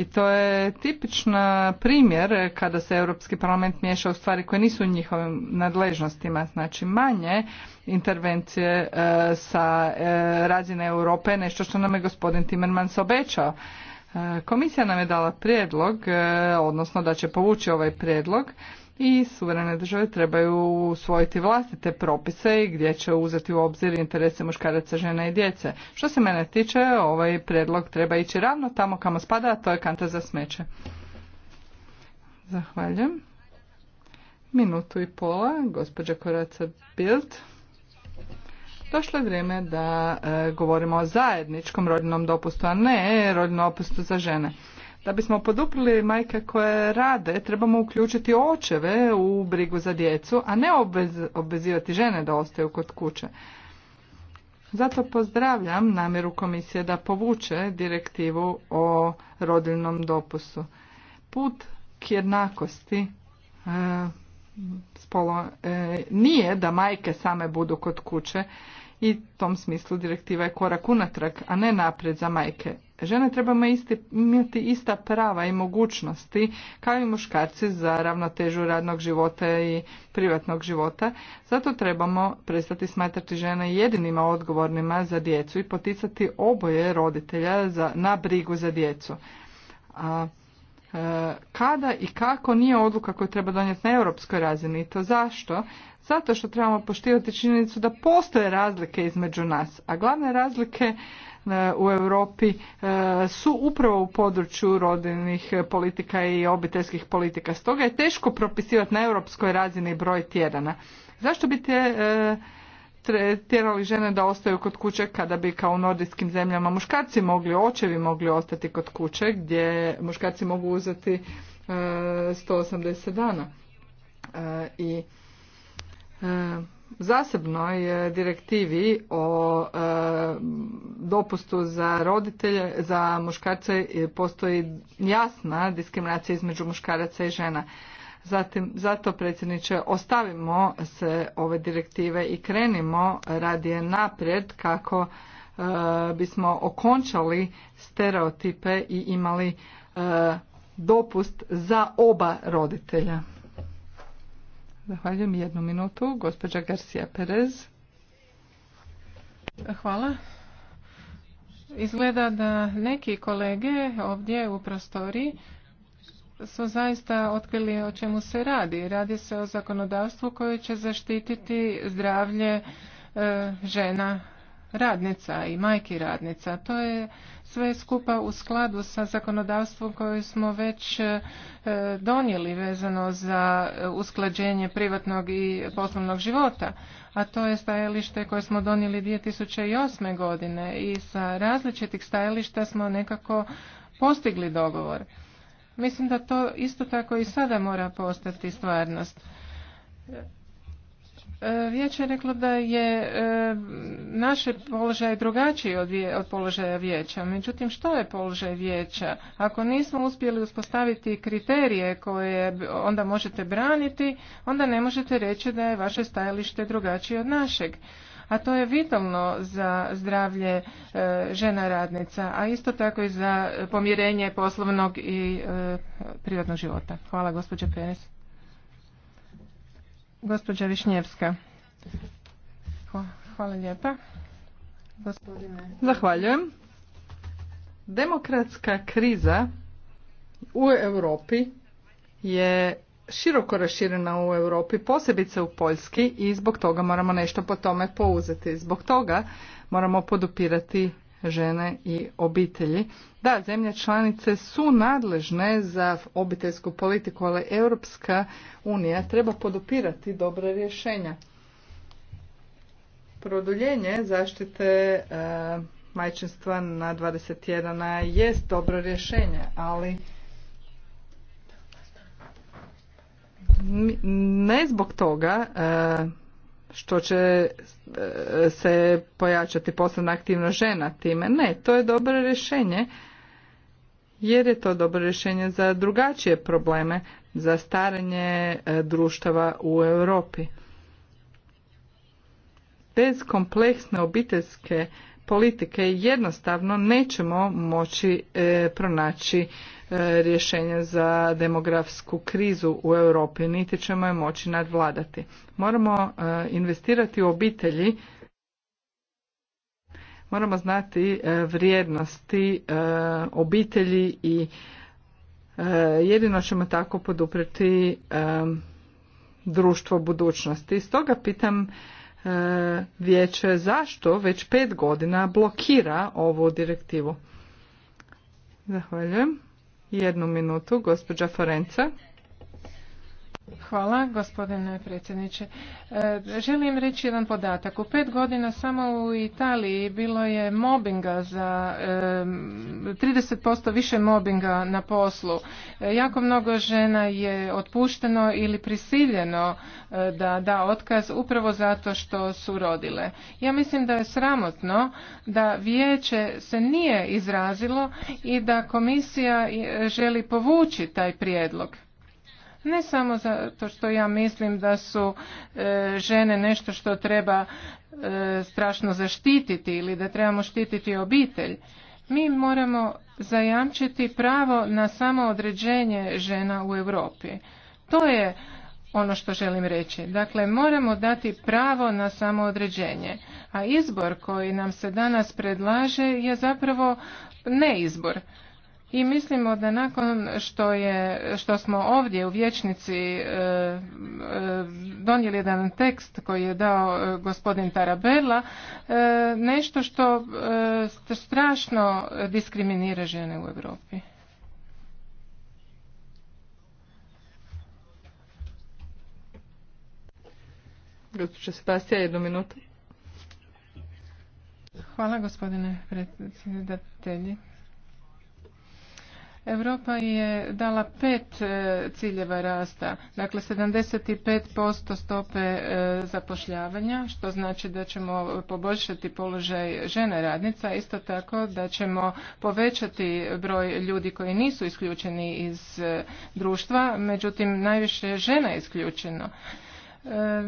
Speaker 1: i to je tipičan primjer kada se Europski parlament miješa u stvari koje nisu u njihovim nadležnostima, znači manje intervencije e, sa e, razine Europe, nešto što nam je gospodin Timmermans obećao. E, komisija nam je dala prijedlog, odnosno da će povući ovaj prijedlog i suverene države trebaju usvojiti vlastite propise i gdje će uzeti u obzir interese muškaraca, žena i djece. Što se mene tiče, ovaj predlog treba ići ravno tamo kamo spada, a to je kanta za smeće. Zahvaljujem. Minutu i pola, gospođa Koraca Bild. Došlo je vrijeme da e, govorimo o zajedničkom rodinom dopustu, a ne rodinom dopustu za žene. Da bismo poduprili majke koje rade, trebamo uključiti očeve u brigu za djecu, a ne obvez, obvezivati žene da ostaju kod kuće. Zato pozdravljam namjeru komisije da povuče direktivu o rodiljnom dopusu. Put k jednakosti e, spolo, e, nije da majke same budu kod kuće, i u tom smislu direktiva je korak unatrag, a ne naprijed za majke. Žene trebamo imati ista prava i mogućnosti kao i muškarci za ravnotežu radnog života i privatnog života. Zato trebamo prestati smatrati žene jedinima odgovornima za djecu i poticati oboje roditelja za, na brigu za djecu. A kada i kako nije odluka koju treba donijeti na europskoj razini i to zašto? Zato što trebamo poštivati činjenicu da postoje razlike između nas, a glavne razlike e, u Europi e, su upravo u području rodinih politika i obiteljskih politika. Stoga je teško propisivati na europskoj razini broj tjedana. Zašto bi te e, tjerali žene da ostaju kod kuće kada bi kao u nordijskim zemljama muškarci mogli, očevi mogli ostati kod kuće gdje muškarci mogu uzeti e, 180 dana. E, I e, zasebnoj direktivi o e, dopustu za roditelje, za muškarce e, postoji jasna diskriminacija između muškaraca i žena. Zatim, zato predsjedniče, ostavimo se ove direktive i krenimo radije naprijed kako e, bismo okončali stereotipe i imali e, dopust za oba roditelja. Zahvaljujem jednu minutu. Gospođa Garcia Perez.
Speaker 5: Hvala. Izgleda da neki kolege ovdje u prostoriji su zaista otkrili o čemu se radi. Radi se o zakonodavstvu koje će zaštititi zdravlje e, žena radnica i majki radnica. To je sve skupa u skladu sa zakonodavstvom koje smo već e, donijeli vezano za usklađenje privatnog i poslovnog života, a to je stajalište koje smo donijeli 2008. godine i sa različitih stajališta smo nekako postigli dogovor. Mislim da to isto tako i sada mora postati stvarnost. E, vijeće je reklo da je e, naš položaj drugačiji od, položaja vijeća. Međutim, što je položaj vijeća? Ako nismo uspjeli uspostaviti kriterije koje onda možete braniti, onda ne možete reći da je vaše stajalište drugačije od našeg a to je vitalno za zdravlje e, žena radnica, a isto tako i za pomirenje poslovnog i e, privatnog života. Hvala gospođa Perez. Gospođa Višnjevska. Hvala lijepa. Zahvaljujem.
Speaker 1: Demokratska kriza u Europi je široko raširena u Europi, posebice u Poljski i zbog toga moramo nešto po tome pouzeti. Zbog toga moramo podupirati žene i obitelji. Da, zemlje članice su nadležne za obiteljsku politiku, ali Europska unija treba podupirati dobre rješenja. Produljenje zaštite eh, majčinstva na 21 jest dobro rješenje, ali ne zbog toga e, što će e, se pojačati poslovna aktivna žena time. Ne, to je dobro rješenje jer je to dobro rješenje za drugačije probleme, za staranje e, društava u Europi. Bez kompleksne obiteljske politike jednostavno nećemo moći e, pronaći e, rješenja za demografsku krizu u Europi, niti ćemo je moći nadvladati. Moramo e, investirati u obitelji, moramo znati e, vrijednosti obitelji i jedino ćemo tako poduprijeti društvo budućnosti. Stoga pitam E, vijeće zašto već pet godina blokira ovu direktivu. Zahvaljujem. Jednu minutu, gospođa Forenca.
Speaker 5: Hvala, gospodine predsjedniče. E, želim reći jedan podatak. U pet godina samo u Italiji bilo je mobinga za 30% e, više mobinga na poslu. E, jako mnogo žena je otpušteno ili prisiljeno da da otkaz upravo zato što su rodile. Ja mislim da je sramotno da vijeće se nije izrazilo i da komisija želi povući taj prijedlog. Ne samo zato što ja mislim da su e, žene nešto što treba e, strašno zaštititi ili da trebamo štititi obitelj. Mi moramo zajamčiti pravo na samoodređenje žena u Europi. To je ono što želim reći. Dakle, moramo dati pravo na samoodređenje. A izbor koji nam se danas predlaže je zapravo ne izbor i mislimo da nakon što, je, što smo ovdje u vječnici e, e, donijeli jedan tekst koji je dao e, gospodin Tarabella, nešto što strašno diskriminira žene u Europi. Gospodin Sebastija, jednu minutu. Hvala gospodine predsjedatelji. Europa je dala pet e, ciljeva rasta, dakle 75% stope e, zapošljavanja, što znači da ćemo poboljšati položaj žene radnica, isto tako da ćemo povećati broj ljudi koji nisu isključeni iz e, društva, međutim najviše žena je isključeno. E,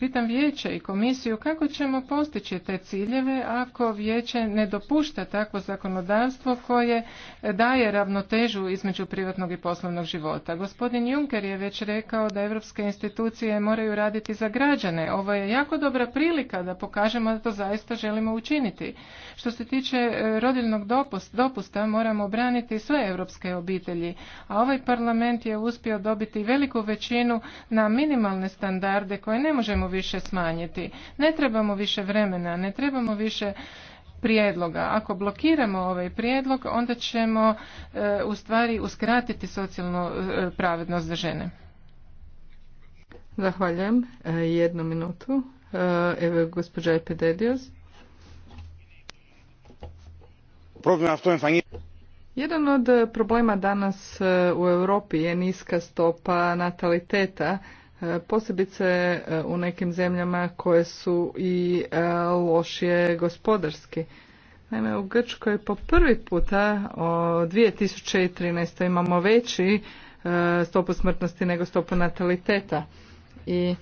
Speaker 5: pitam vijeće i komisiju kako ćemo postići te ciljeve ako vijeće ne dopušta takvo zakonodavstvo koje daje ravnotežu između privatnog i poslovnog života. Gospodin Juncker je već rekao da europske institucije moraju raditi za građane. Ovo je jako dobra prilika da pokažemo da to zaista želimo učiniti. Što se tiče e, rodiljnog dopusta moramo braniti sve europske obitelji, a ovaj parlament je uspio dobiti veliku većinu na minimalne standarde koje ne možemo više smanjiti. Ne trebamo više vremena, ne trebamo više prijedloga. Ako blokiramo ovaj prijedlog, onda ćemo e, u stvari uskratiti socijalnu e, pravednost za žene.
Speaker 1: Zahvaljujem. E, jednu minutu. E, evo gospođa Epidedios. Jedan od problema danas u Europi je niska stopa nataliteta posebice e, u nekim zemljama koje su i e, lošije gospodarski. Naime, u Grčkoj po prvi puta o 2013. imamo veći e, stopu smrtnosti nego stopu nataliteta. I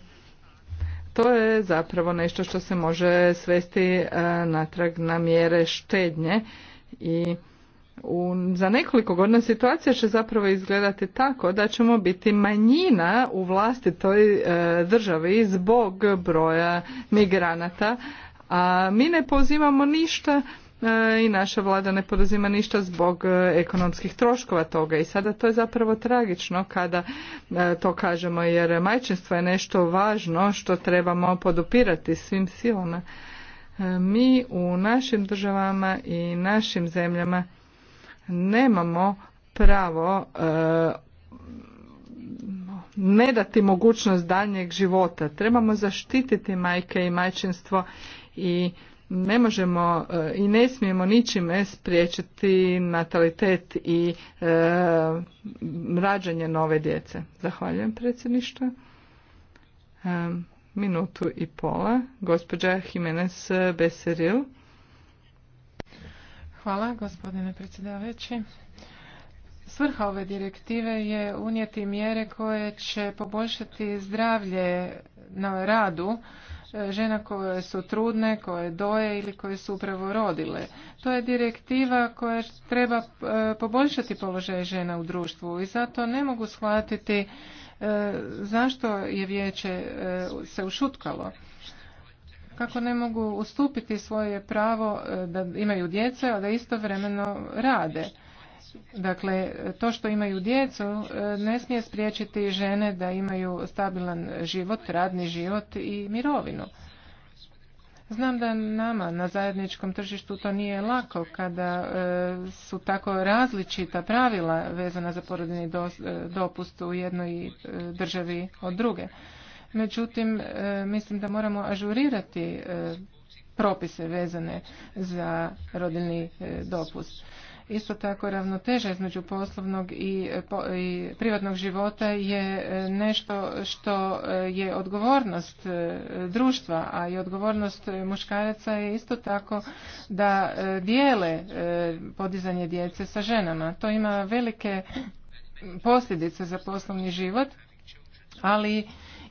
Speaker 1: to je zapravo nešto što se može svesti natrag na mjere štednje i u, za nekoliko godina situacija će zapravo izgledati tako da ćemo biti manjina u vlasti toj e, državi zbog broja migranata, a mi ne pozivamo ništa e, i naša vlada ne poduzima ništa zbog e, ekonomskih troškova toga i sada to je zapravo tragično kada to kažemo jer majčinstvo je nešto važno što trebamo podupirati svim silama. Mi u našim državama i našim zemljama nemamo pravo e, ne dati mogućnost daljnjeg života. Trebamo zaštititi majke i majčinstvo i ne možemo e, i ne smijemo ničime spriječiti natalitet i e, rađanje nove djece. Zahvaljujem
Speaker 5: predsjedništvo. E,
Speaker 1: minutu i pola. Gospođa Jimenez Beseril.
Speaker 5: Hvala, gospodine predsjedavajući. Svrha ove direktive je unijeti mjere koje će poboljšati zdravlje na radu e, žena koje su trudne, koje doje ili koje su upravo rodile. To je direktiva koja treba e, poboljšati položaj žena u društvu i zato ne mogu shvatiti e, zašto je vijeće se ušutkalo kako ne mogu ustupiti svoje pravo e, da imaju djece, a da istovremeno rade. Dakle, to što imaju djecu e, ne smije spriječiti žene da imaju stabilan život, radni život i mirovinu. Znam da nama na zajedničkom tržištu to nije lako kada e, su tako različita pravila vezana za porodini dopust u jednoj državi od druge međutim e, mislim da moramo ažurirati e, propise vezane za rodilni e, dopust. Isto tako ravnoteža između poslovnog i, privatnog života je nešto što je odgovornost društva, a i odgovornost muškaraca je isto tako da dijele podizanje djece sa ženama. To ima velike posljedice za poslovni život, ali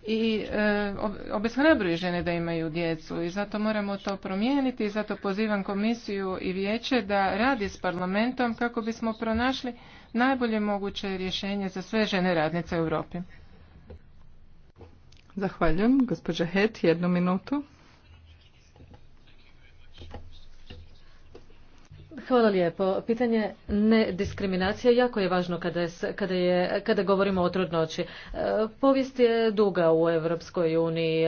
Speaker 5: i e, obeshrabruje žene da imaju djecu i zato moramo to promijeniti i zato pozivam komisiju i vijeće da radi s parlamentom kako bismo pronašli najbolje moguće rješenje za sve žene radnice u Europi.
Speaker 1: Zahvaljujem. Gospođa Het, jednu minutu.
Speaker 2: Hvala lijepo. Pitanje nediskriminacije jako je važno kada, je, kada, je, kada govorimo o trudnoći. E, povijest je duga u Europskoj uniji.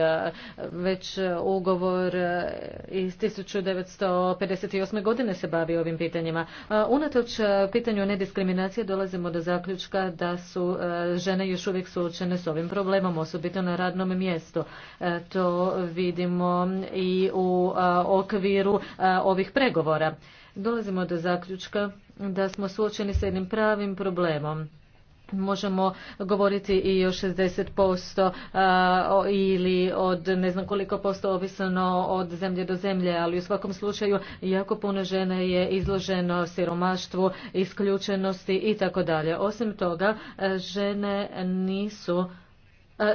Speaker 2: Već ugovor e, iz 1958. godine se bavi ovim pitanjima. Unatoč pitanju nediskriminacije dolazimo do zaključka da su e, žene još uvijek suočene s ovim problemom, osobito na radnom mjestu. To vidimo i u okviru ovih pregovora dolazimo do zaključka da smo suočeni sa jednim pravim problemom možemo govoriti i o 60% ili od ne znam koliko posto ovisano od zemlje do zemlje, ali u svakom slučaju jako puno žena je izloženo siromaštvu, isključenosti i tako dalje. Osim toga, žene nisu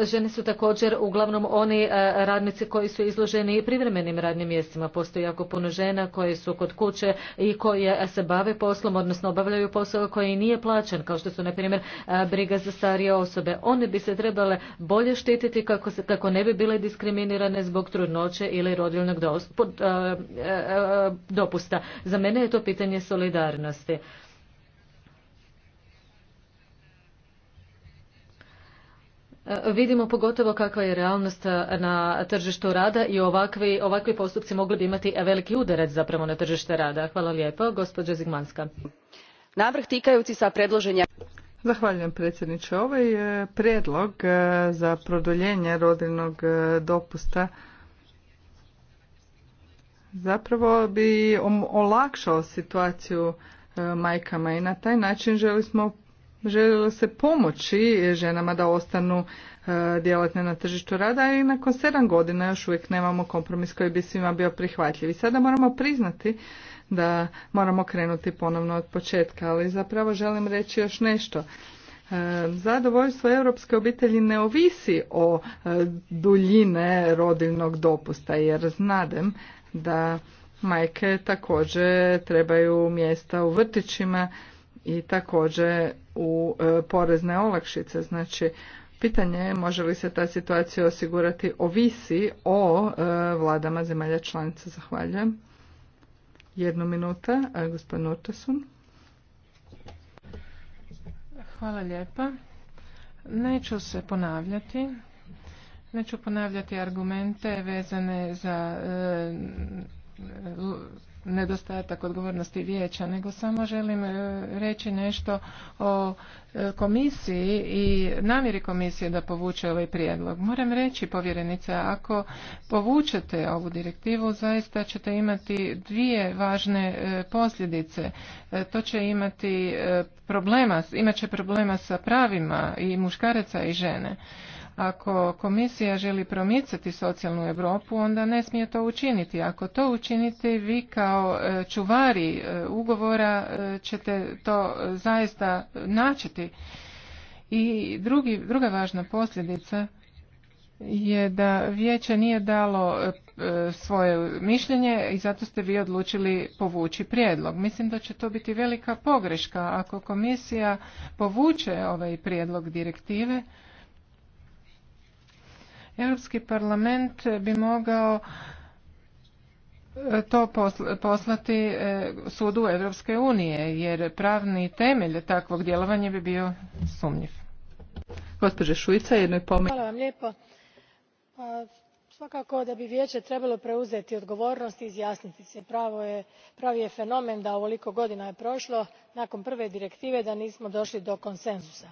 Speaker 2: Žene su također uglavnom oni radnici koji su izloženi privremenim radnim mjestima. Postoji jako puno žena koje su kod kuće i koje se bave poslom, odnosno obavljaju posao koji nije plaćen, kao što su, na primjer, briga za starije osobe. One bi se trebale bolje štititi kako, se, kako ne bi bile diskriminirane zbog trudnoće ili rodilnog dopusta. Za mene je to pitanje solidarnosti. E, vidimo pogotovo kakva je realnost e, na tržištu rada i ovakvi, ovakvi postupci mogli bi imati veliki udarac zapravo na tržište rada. Hvala lijepo. Gospođa Zigmanska. Navrh sa predloženja...
Speaker 1: Zahvaljujem predsjedniče. Ovaj e, predlog za produljenje rodinog dopusta zapravo bi olakšao situaciju majkama i na taj način želi smo željelo se pomoći ženama da ostanu e, djelatne na tržištu rada i nakon sedam godina još uvijek nemamo kompromis koji bi svima bio prihvatljiv. I sada moramo priznati da moramo krenuti ponovno od početka, ali zapravo želim reći još nešto. E, zadovoljstvo europske obitelji ne ovisi o e, duljine rodilnog dopusta, jer znadem da majke također trebaju mjesta u vrtićima, i također u e, porezne olakšice. Znači, pitanje je može li se ta situacija osigurati ovisi o e, vladama zemalja članica. Zahvaljujem. Jednu minuta, e, gospodin Urtasun.
Speaker 5: Hvala lijepa. Neću se ponavljati. Neću ponavljati argumente vezane za nedostatak odgovornosti vijeća, nego samo želim e, reći nešto o e, komisiji i namjeri komisije da povuče ovaj prijedlog. Moram reći, povjerenice, ako povučete ovu direktivu, zaista ćete imati dvije važne e, posljedice. To će imati problema, imat će problema sa pravima i muškaraca i žene. Ako komisija želi promicati socijalnu Europu, onda ne smije to učiniti. Ako to učinite, vi kao e, čuvari e, ugovora e, ćete to zaista načeti. I drugi, druga važna posljedica je da vijeće nije dalo svoje mišljenje i zato ste vi odlučili povući prijedlog. Mislim da će to biti velika pogreška ako komisija povuče ovaj prijedlog direktive Europski parlament bi mogao eh, to poslati eh, sudu Europske unije, jer pravni temelj takvog djelovanja bi bio sumnjiv. Gospođa Šujica,
Speaker 1: jednoj Hvala
Speaker 4: vam lijepo. Pa, svakako da bi vijeće trebalo preuzeti odgovornost i izjasniti se. Pravo je, pravi je fenomen da ovoliko godina je prošlo nakon prve direktive da nismo došli do konsenzusa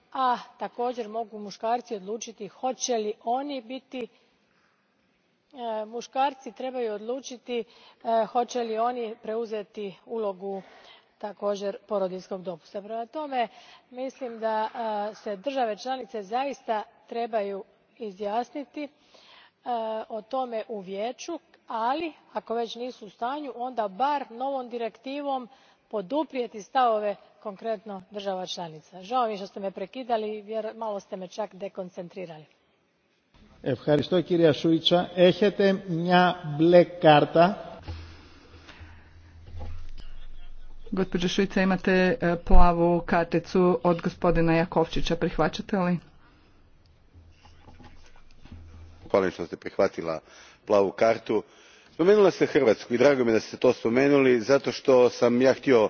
Speaker 4: a također mogu muškarci odlučiti hoće li oni biti e, muškarci trebaju odlučiti e, hoće li oni preuzeti ulogu također porodiljskog dopusta. prema tome mislim da e, se države članice zaista trebaju izjasniti o tome u vijeću ali ako već nisu u stanju onda bar novom direktivom poduprijeti stavove konkretno država članica. žao mi je što ste me prekidali jer malo ste me čak dekoncentrirali.
Speaker 1: gospođo šuica imate e, plavu karticu od gospodina jakovčića prihvaćate li?
Speaker 3: hvala što ste prihvatila plavu kartu. spomenuli ste hrvatsku i drago mi je da ste to spomenuli zato što sam ja htio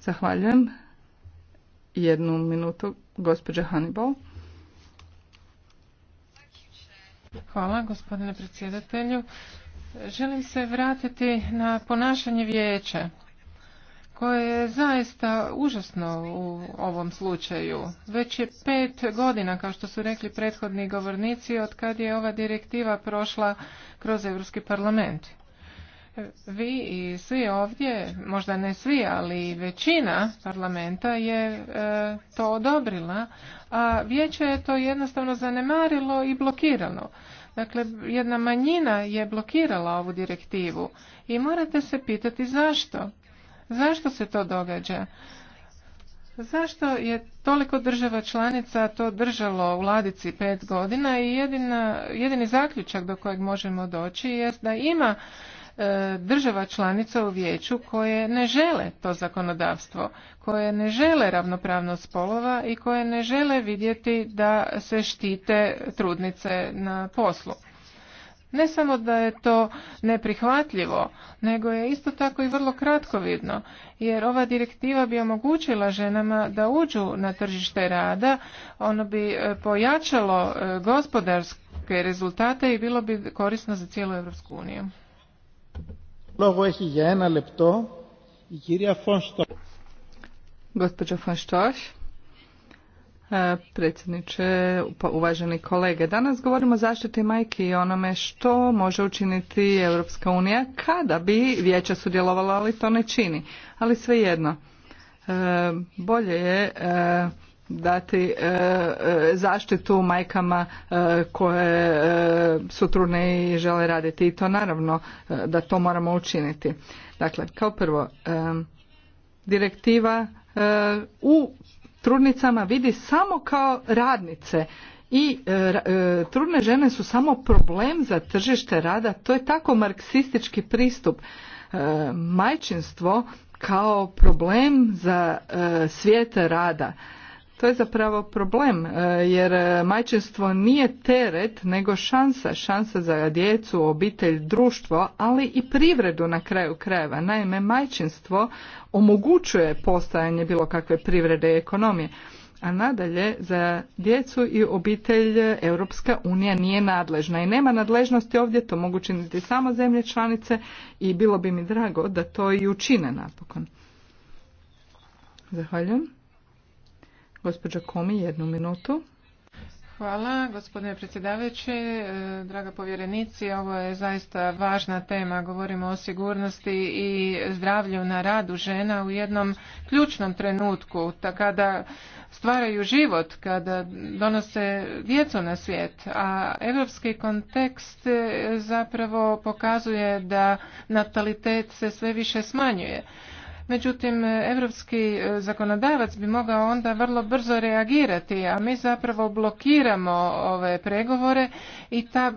Speaker 1: Zahvaljujem. Jednu minutu, gospođa Hannibal.
Speaker 5: Hvala, gospodine predsjedatelju. Želim se vratiti na ponašanje vijeća koje je zaista užasno u ovom slučaju. Već je pet godina, kao što su rekli prethodni govornici, od kad je ova direktiva prošla kroz Europski parlament. Vi i svi ovdje, možda ne svi, ali većina parlamenta je e, to odobrila, a vijeće je to jednostavno zanemarilo i blokiralo. Dakle, jedna manjina je blokirala ovu direktivu i morate se pitati zašto. Zašto se to događa? Zašto je toliko država članica to držalo u ladici pet godina i jedina, jedini zaključak do kojeg možemo doći je da ima e, država članica u vijeću koje ne žele to zakonodavstvo, koje ne žele ravnopravnost spolova i koje ne žele vidjeti da se štite trudnice na poslu. Ne samo da je to neprihvatljivo, nego je isto tako i vrlo kratkovidno, jer ova direktiva bi omogućila ženama da uđu na tržište rada, ono bi e, pojačalo e, gospodarske rezultate i bilo bi korisno za cijelu Europsku uniju.
Speaker 1: Gospođa von E, predsjedniče, pa uvaženi kolege. Danas govorimo o zaštiti majke i onome što može učiniti Europska unija kada bi vijeća sudjelovala, ali to ne čini. Ali svejedno, e, bolje je e, dati zaštitu majkama koje su trudne i žele raditi i to naravno da to moramo učiniti. Dakle, kao prvo, direktiva u trudnicama vidi samo kao radnice i e, e, trudne žene su samo problem za tržište rada to je tako marksistički pristup e, majčinstvo kao problem za svijet rada to je zapravo problem e, jer e, majčinstvo nije teret nego šansa, šansa za djecu, obitelj, društvo, ali i privredu na kraju krajeva. Naime, majčinstvo omogućuje postajanje bilo kakve privrede i ekonomije. A nadalje, za djecu i obitelj Europska unija nije nadležna i nema nadležnosti ovdje, to mogu činiti samo zemlje članice i bilo bi mi drago da to i učine napokon. Zahvaljujem. Gospođa Komi, jednu minutu.
Speaker 5: Hvala, gospodine predsjedavajući. E, draga povjerenici, ovo je zaista važna tema. Govorimo o sigurnosti i zdravlju na radu žena u jednom ključnom trenutku, kada stvaraju život, kada donose djecu na svijet. A evropski kontekst e, zapravo pokazuje da natalitet se sve više smanjuje Međutim, evropski e, zakonodavac bi mogao onda vrlo brzo reagirati, a mi zapravo blokiramo ove pregovore i ta,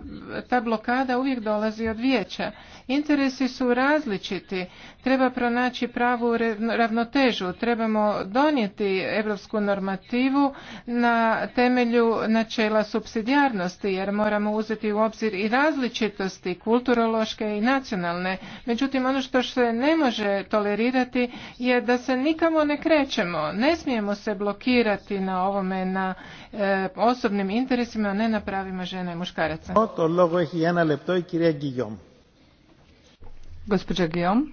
Speaker 5: ta blokada uvijek dolazi od vijeća. Interesi su različiti, treba pronaći pravu ravnotežu, trebamo donijeti evropsku normativu na temelju načela subsidijarnosti, jer moramo uzeti u obzir i različitosti kulturološke i nacionalne. Međutim, ono što se ne može tolerirati je da se nikamo ne krećemo. Ne smijemo se blokirati na ovome, na e, osobnim interesima, a ne na pravima žena i muškaraca. Gospodin Guillaume.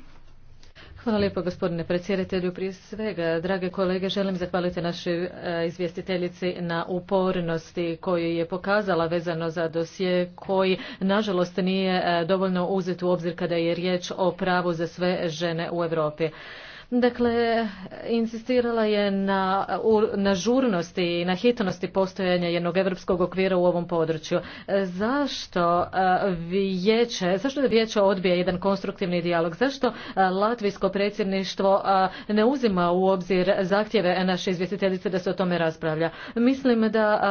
Speaker 2: Hvala lijepo gospodine predsjedatelju. Prije svega, drage kolege, želim zahvaliti našoj e, izvjestiteljici na upornosti koju je pokazala vezano za dosje koji nažalost nije e, dovoljno uzet u obzir kada je riječ o pravu za sve žene u Europi. Dakle, insistirala je na, na žurnosti i na hitnosti postojanja jednog europskog okvira u ovom području. E, zašto e, vijeće, zašto vijeće odbija jedan konstruktivni dijalog? Zašto e, latvijsko predsjedništvo ne uzima u obzir zahtjeve naše izvjestiteljice da se o tome raspravlja? Mislim da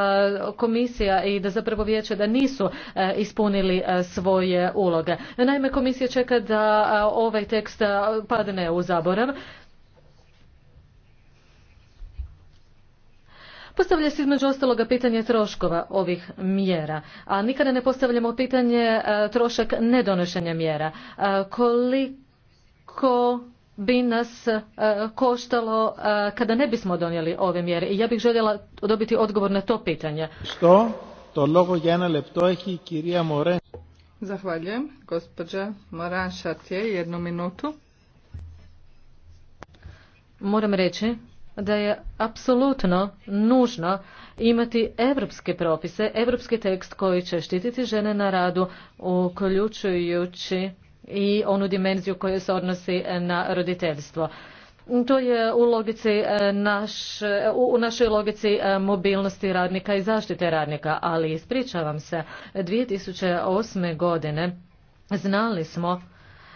Speaker 2: komisija i da zapravo vijeće da nisu ispunili svoje uloge. Naime, komisija čeka da ovaj tekst padne u zaborav Postavlja se između ostaloga pitanje troškova ovih mjera, a nikada ne postavljamo pitanje e, trošak nedonošenja mjera. E, koliko bi nas e, koštalo kada ne bismo donijeli ove mjere? I ja bih željela dobiti odgovor na to pitanje. Što?
Speaker 3: To logo Jana Leptojhi, Kirija More?
Speaker 2: Zahvaljujem. Gospođa Moran Šatje, jednu minutu. Moram reći da je apsolutno nužno imati evropske propise, europski tekst koji će štititi žene na radu, uključujući i onu dimenziju koja se odnosi na roditeljstvo. To je u, logici e, naš, u našoj logici e, mobilnosti radnika i zaštite radnika, ali ispričavam se, 2008. godine znali smo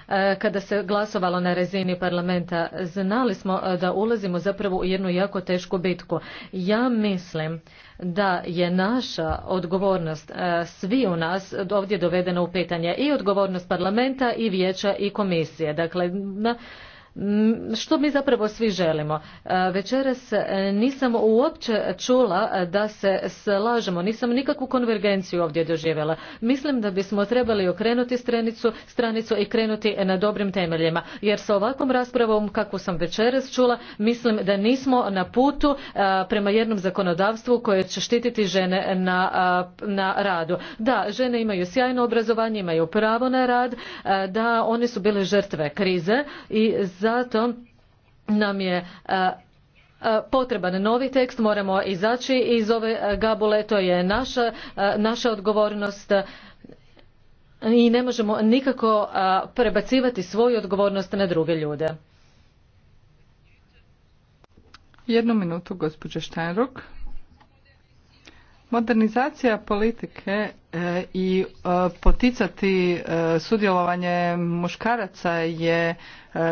Speaker 2: E, kada se glasovalo na razini parlamenta znali smo e, da ulazimo zapravo u jednu jako tešku bitku. Ja mislim da je naša odgovornost e, svi u nas ovdje dovedena u pitanje i odgovornost parlamenta i vijeća i komisije. Dakle, na Mm, što mi zapravo svi želimo? E, večeras e, nisam uopće čula e, da se slažemo, nisam nikakvu konvergenciju ovdje doživjela. Mislim da bismo trebali okrenuti stranicu, stranicu i krenuti na dobrim temeljima. Jer sa ovakvom raspravom kako sam večeras čula, mislim da nismo na putu prema jednom zakonodavstvu koje će štititi žene na, na radu. Da, žene imaju sjajno obrazovanje, imaju pravo na rad, da one su bile žrtve krize i za zato nam je e, e, potreban novi tekst moramo izaći iz ove e, gabule to je naša, naša odgovornost i ne možemo nikako prebacivati svoju odgovornost na druge ljude.
Speaker 1: Jednu minutu, gospođe Štenrok. Modernizacija politike e, i e, poticati e, sudjelovanje muškaraca je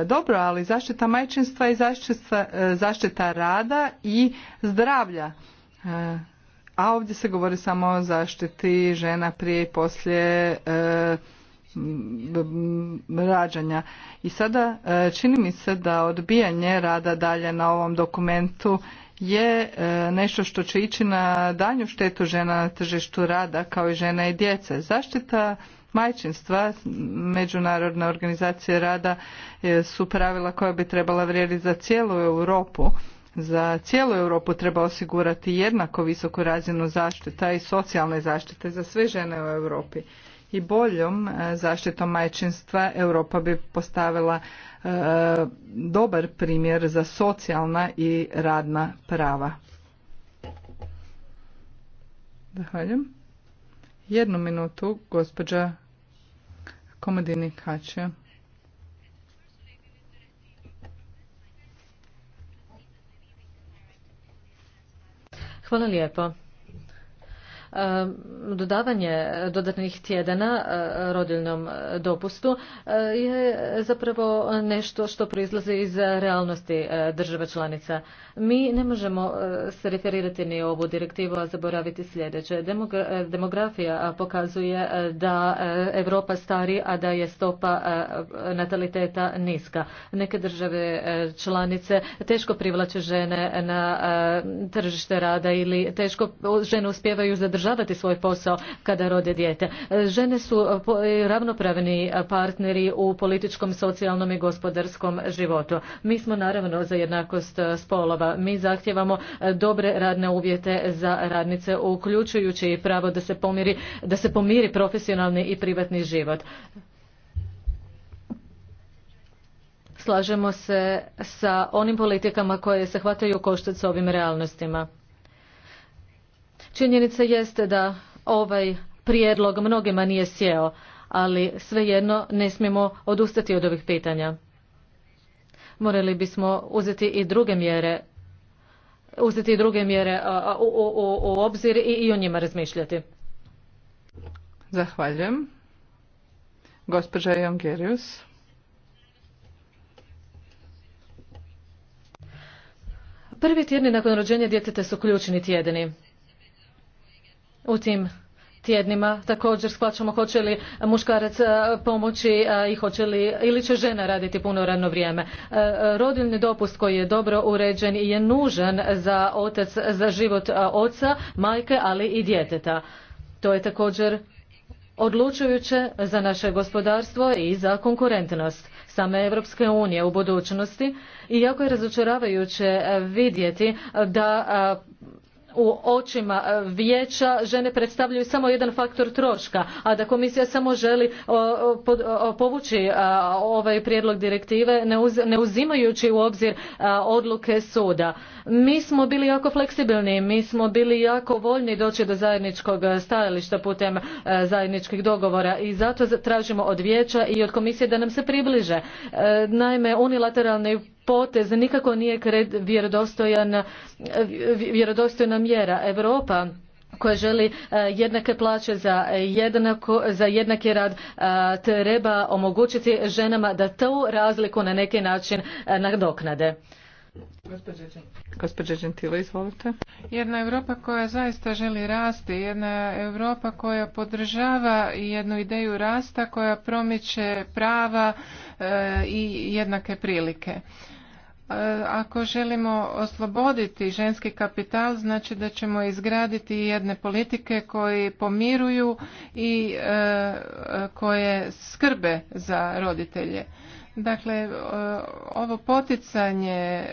Speaker 1: dobro, ali zaštita majčinstva i zaštita, zaštita rada i zdravlja. A ovdje se govori samo o zaštiti žena prije i poslije rađanja. I sada čini mi se da odbijanje rada dalje na ovom dokumentu je e, nešto što će ići na danju štetu žena na tržištu rada kao i žena i djece. Zaštita majčinstva Međunarodne organizacije rada e, su pravila koja bi trebala vrijediti za cijelu Europu. Za cijelu Europu treba osigurati jednako visoku razinu zaštita i socijalne zaštite za sve žene u Europi i boljom e, zaštitom majčinstva Europa bi postavila e, dobar primjer za socijalna i radna prava. Zahvaljujem. Jednu minutu, gospođa Komodini
Speaker 2: Hvala lijepo dodavanje dodatnih tjedana e, rodiljnom dopustu e, je zapravo nešto što proizlazi iz realnosti e, država članica. Mi ne možemo se referirati ni ovu direktivu, a zaboraviti sljedeće. Demografija pokazuje da Europa stari, a da je stopa nataliteta niska. Neke države članice teško privlače žene na tržište rada ili teško žene uspjevaju zadržati održavati svoj posao kada rode dijete. Žene su eh, eh, ravnopravni partneri u političkom, socijalnom i gospodarskom životu. Mi smo naravno za jednakost eh, spolova. Mi zahtjevamo dobre radne uvjete za radnice, uključujući i pravo da se pomiri, da se pomiri profesionalni i privatni život. Slažemo se sa onim politikama koje se hvataju koštac ovim realnostima. Činjenica jeste da ovaj prijedlog mnogima nije sjeo, ali svejedno ne smijemo odustati od ovih pitanja. Morali bismo uzeti i druge mjere uzeti i druge mjere u, u, u obzir i, o njima razmišljati. Zahvaljujem. Gospođa Jongerius. Prvi tjedni nakon rođenja djeteta su ključni tjedni u tim tjednima također shvaćamo hoće li muškarac e, pomoći e, i hoće li ili će žena raditi puno radno vrijeme. E, rodiljni dopust koji je dobro uređen je nužan za otac, za život oca, majke, ali i djeteta. To je također odlučujuće za naše gospodarstvo i za konkurentnost same Europske unije u budućnosti. jako je razočaravajuće vidjeti da u očima e, vijeća žene predstavljaju samo jedan faktor troška a da komisija samo želi povući e, ovaj prijedlog direktive ne uzimajući u obzir e, odluke suda. mi smo bili jako fleksibilni mi smo bili jako voljni doći do zajedničkog stajališta putem zajedničkih dogovora i zato tražimo od vijeća i od komisije da nam se približe. naime unilateralni potez nikako nije vjerodostojna eh, vjerodostojna mjera. Europa koja želi eh, jednake plaće za, eh, jednako, za jednaki rad treba omogućiti ženama da tu razliku na neki način nadoknade. Gospođa Gentile, izvolite.
Speaker 5: Jedna Europa koja zaista želi rasti, jedna Europa koja podržava jednu ideju rasta, koja promiče prava i jednake prilike. E, ako želimo osloboditi ženski kapital, znači da ćemo izgraditi jedne politike koje pomiruju i e, koje skrbe za roditelje. Dakle, e, ovo poticanje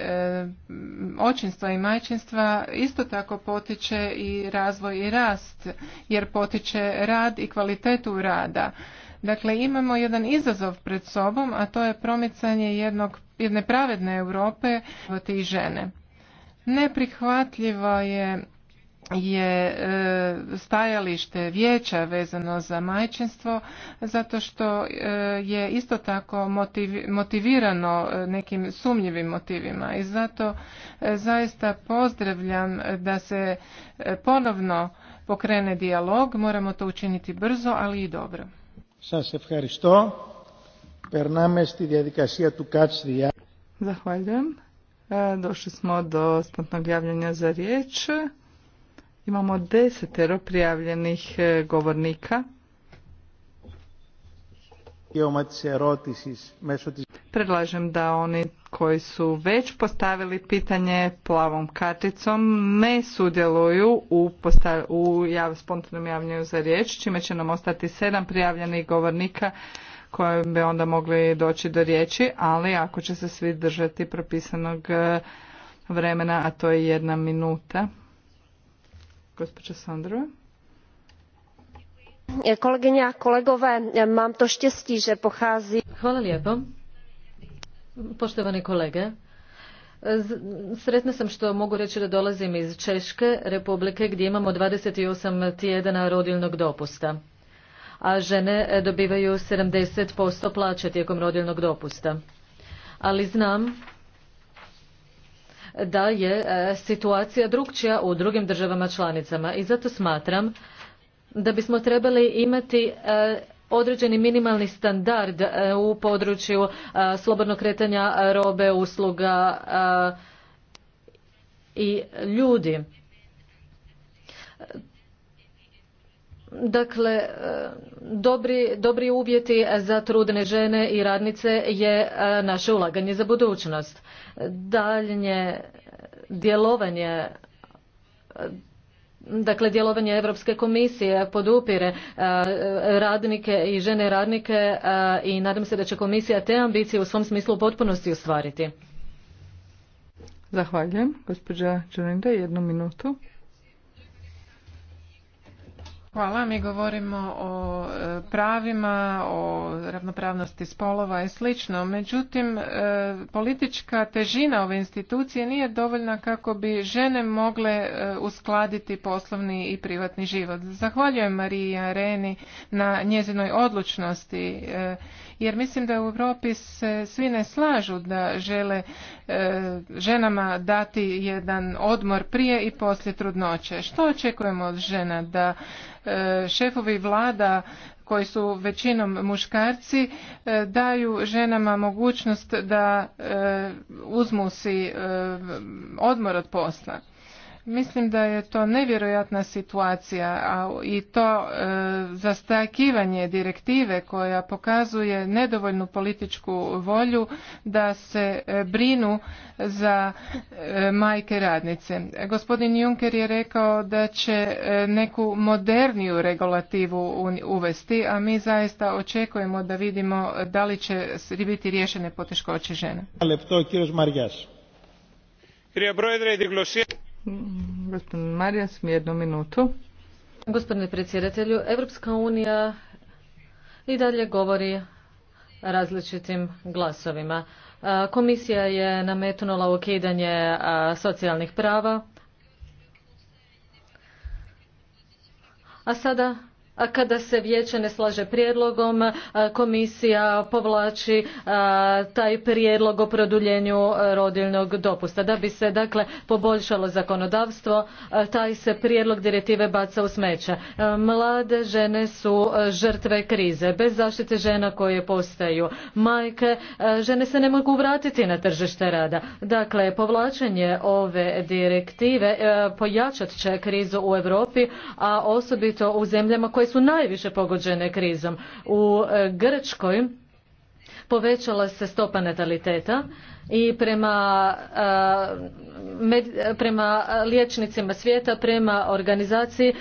Speaker 5: očinstva i majčinstva isto tako potiče i razvoj i rast, jer potiče rad i kvalitetu rada. Dakle, imamo jedan izazov pred sobom, a to je promicanje jednog, jedne pravedne Europe i žene. Neprihvatljivo je je e, stajalište vijeća vezano za majčinstvo zato što e, je isto tako motivirano e, nekim sumnjivim motivima i zato zaista pozdravljam da se ponovno pokrene dijalog moramo to učiniti brzo ali i dobro
Speaker 3: Σας ευχαριστώ. Περνάμε στη διαδικασία του Catch
Speaker 5: Zahvaljujem. Došli
Speaker 1: smo do spontnog javljanja za riječ. Imamo desetero prijavljenih e, govornika. Predlažem da oni koji su već postavili pitanje plavom karticom ne sudjeluju u, u jav, spontanom javljanju za riječ, čime će nam ostati sedam prijavljenih govornika koji bi onda mogli doći do riječi, ali ako će se svi držati propisanog e, vremena, a to je jedna minuta. Gospođa Sandrova.
Speaker 4: Eh, kolegyně kolegové eh, mám to štěstí
Speaker 2: Poštovani kolege, Sretna sam što mogu reći da dolazim iz Češke republike gdje imamo osam tjedana rodiljnog dopusta, a žene eh, dobivaju posto plaće tijekom rodiljnog dopusta. Ali znam da je situacija drukčija u drugim državama članicama i zato smatram da bismo trebali imati e, određeni minimalni standard e, u području e, slobodnog kretanja robe, usluga i ljudi. Dakle, dobri, uvjeti za trudne žene i radnice je naše ulaganje za budućnost. Daljnje djelovanje Dakle, djelovanje Europske komisije podupire e, radnike i žene radnike e, i nadam se da će komisija te ambicije u svom smislu u potpunosti ostvariti.
Speaker 1: Zahvaljujem. Gospođa Čurinda, jednu minutu.
Speaker 5: Hvala. Mi govorimo o e, pravima, o ravnopravnosti spolova i slično. Međutim, e, politička težina ove institucije nije dovoljna kako bi žene mogle e, uskladiti poslovni i privatni život. Zahvaljujem Mariji Areni na njezinoj odlučnosti jer mislim da u Europi se svi ne slažu da žele e, ženama dati jedan odmor prije i poslije trudnoće. Što očekujemo od žena da e, šefovi vlada koji su većinom muškarci e, daju ženama mogućnost da uzmu si odmor od posla. Mislim da je to nevjerojatna situacija a i to e, zastakivanje direktive koja pokazuje nedovoljnu političku volju da se e, brinu za e, majke radnice. Gospodin Juncker je rekao da će e, neku moderniju regulativu uvesti, a mi zaista očekujemo da vidimo da li će biti riješene poteškoće žena.
Speaker 2: Gospodin Marijas, jednu minutu. Gospodine predsjedatelju, Evropska unija i dalje govori različitim glasovima. Komisija je nametnula ukidanje socijalnih prava, a sada kada se vijeće ne slaže prijedlogom komisija povlači taj prijedlog o produljenju rodiljnog dopusta da bi se dakle poboljšalo zakonodavstvo taj se prijedlog direktive baca u smeće mlade žene su žrtve krize bez zaštite žena koje postaju majke žene se ne mogu vratiti na tržište rada dakle povlačenje ove direktive e, pojačat će krizu u Europi a osobito u zemljama koje su najviše pogođene krizom. U e, Grčkoj povećala se stopa nataliteta i prema, e, prema liječnicima svijeta, prema organizaciji e,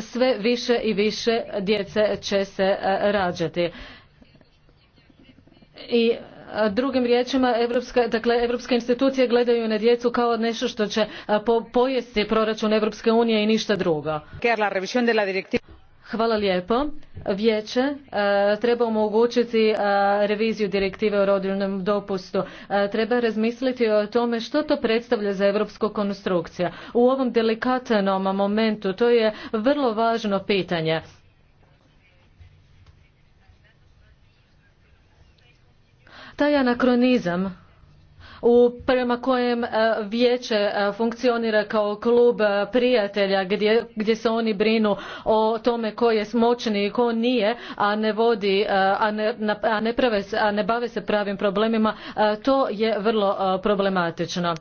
Speaker 2: sve više i više djece će se rađati. I drugim riječima dakle europske institucije gledaju na djecu kao nešto što će pojesti proračun europske unije i ništa drugo. Hvala lijepo. Vijeće e, treba omogućiti e, reviziju direktive o rodiljnom dopustu. E, treba razmisliti o tome što to predstavlja za europsku konstrukciju. U ovom delikatnom momentu to je vrlo važno pitanje. Taj anakronizam u prema kojem e, vijeće e, funkcionira kao klub e, prijatelja gdje, se oni brinu o tome tko je moćni i tko nije a ne vodi a ne, a ne bave se pravim problemima to je vrlo problematično.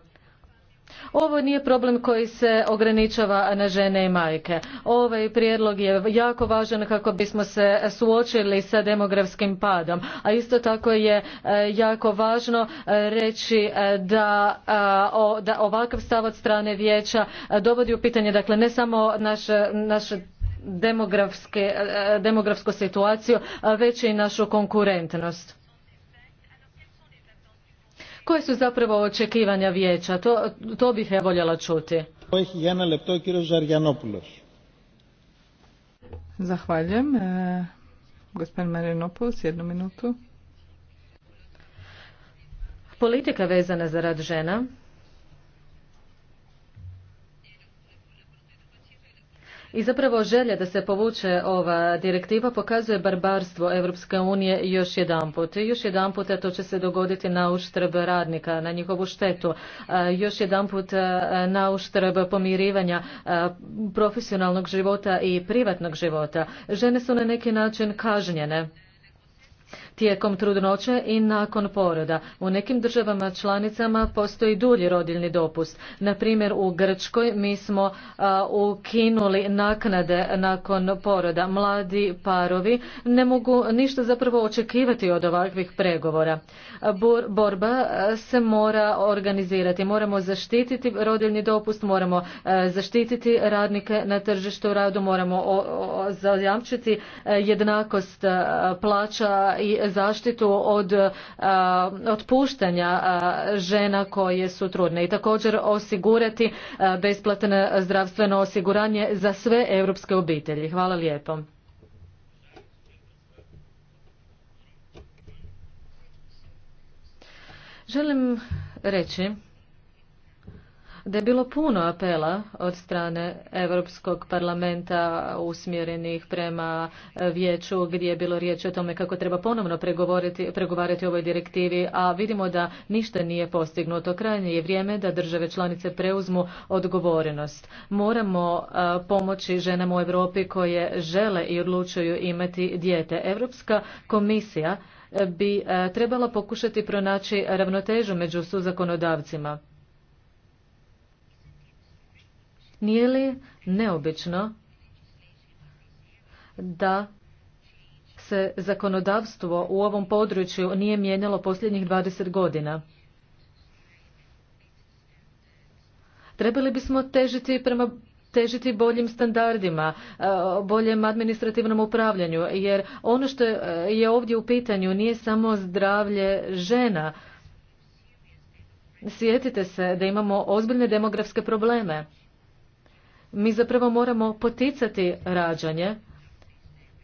Speaker 2: Ovo nije problem koji se ograničava na žene i majke. Ovaj prijedlog je jako važan kako bismo se suočili sa demografskim padom, a isto tako je e, jako važno e, reći e, da, ovakav stav od strane vijeća dovodi u pitanje dakle ne samo naše, naše demografsku situaciju, već i našu konkurentnost. Koje su zapravo očekivanja vijeća? To, to bih ja voljela čuti.
Speaker 1: Zahvaljujem. E, gospodin Marinopoulos, jednu minutu.
Speaker 2: Politika vezana za rad žena I zapravo želja da se povuče ova direktiva pokazuje barbarstvo Europske unije još jedanput. Još jedanput to će se dogoditi na uštrb radnika, na njihovu štetu. Još jedanput na uštrb pomirivanja profesionalnog života i privatnog života. Žene su na neki način kažnjene tijekom trudnoće i nakon poroda. U nekim državama članicama postoji dulji rodiljni dopust. Na primjer u Grčkoj mi smo ukinuli naknade nakon poroda. Mladi parovi ne mogu ništa zapravo očekivati od ovakvih pregovora. borba se mora organizirati. Moramo zaštititi rodiljni dopust, moramo zaštititi radnike na tržištu radu, moramo o, zajamčiti jednakost plaća i zaštitu od e, otpuštanja e, žena koje su trudne i također osigurati e, besplatno zdravstveno osiguranje za sve europske obitelji. Hvala lijepo. Želim reći da je bilo puno apela od strane Europskog parlamenta usmjerenih prema vijeću gdje je bilo riječ o tome kako treba ponovno pregovarati o ovoj direktivi, a vidimo da ništa nije postignuto. Krajnje je vrijeme da države članice preuzmu odgovorenost. Moramo pomoći ženama u Europi koje žele i odlučuju imati dijete. Europska komisija bi trebala pokušati pronaći ravnotežu među suzakonodavcima. Nije li neobično da se zakonodavstvo u ovom području nije mijenjalo posljednjih 20 godina? Trebali bismo težiti prema težiti boljim standardima, e, boljem administrativnom upravljanju, jer ono što je ovdje u pitanju nije samo zdravlje žena. Sjetite se da imamo ozbiljne demografske probleme. Mi zapravo moramo poticati rađanje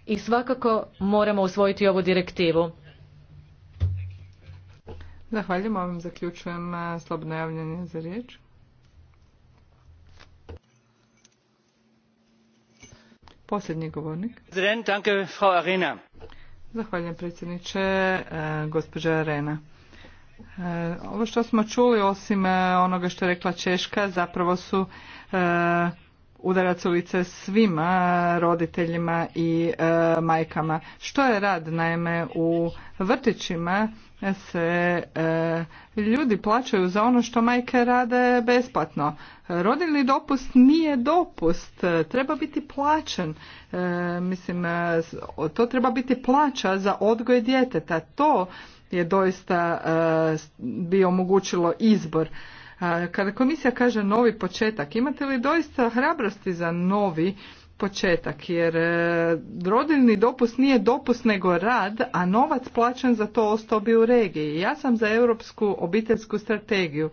Speaker 2: i svakako moramo usvojiti ovu direktivu.
Speaker 1: Zahvaljujem, ovim zaključujem eh, slobodno javljanje za riječ. Posljednji govornik. Zahvaljujem predsjedniče, eh, gospođa Arena. Eh, ovo što smo čuli, osim onoga što je rekla Češka, zapravo su udarac u svima roditeljima i e, majkama. Što je rad? Naime, u vrtićima se e, ljudi plaćaju za ono što majke rade besplatno. Rodilni dopust nije dopust, treba biti plaćen. E, mislim, to treba biti plaća za odgoj djeteta. To je doista bi omogućilo izbor kada komisija kaže novi početak, imate li doista hrabrosti za novi početak? Jer e, rodiljni dopust nije dopust nego rad, a novac plaćen za to ostao bi u regiji. Ja sam za europsku obiteljsku strategiju.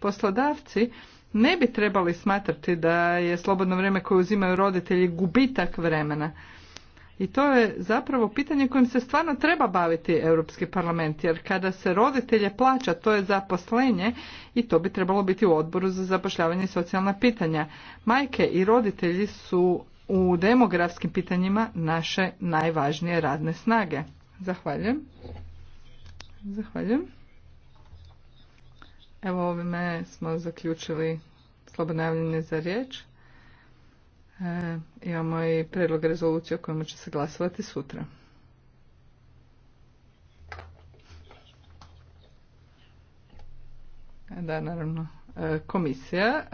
Speaker 1: Poslodavci ne bi trebali smatrati da je slobodno vrijeme koje uzimaju roditelji gubitak vremena. I to je zapravo pitanje kojim se stvarno treba baviti Europski parlament, jer kada se roditelje plaća, to je zaposlenje i to bi trebalo biti u odboru za zapošljavanje i socijalna pitanja. Majke i roditelji su u demografskim pitanjima naše najvažnije radne snage. Zahvaljujem. Zahvaljujem. Evo ovime smo zaključili slobodno za riječ. E, imamo i predlog rezolucije o kojima će se glasovati sutra. E, da, naravno. E, komisija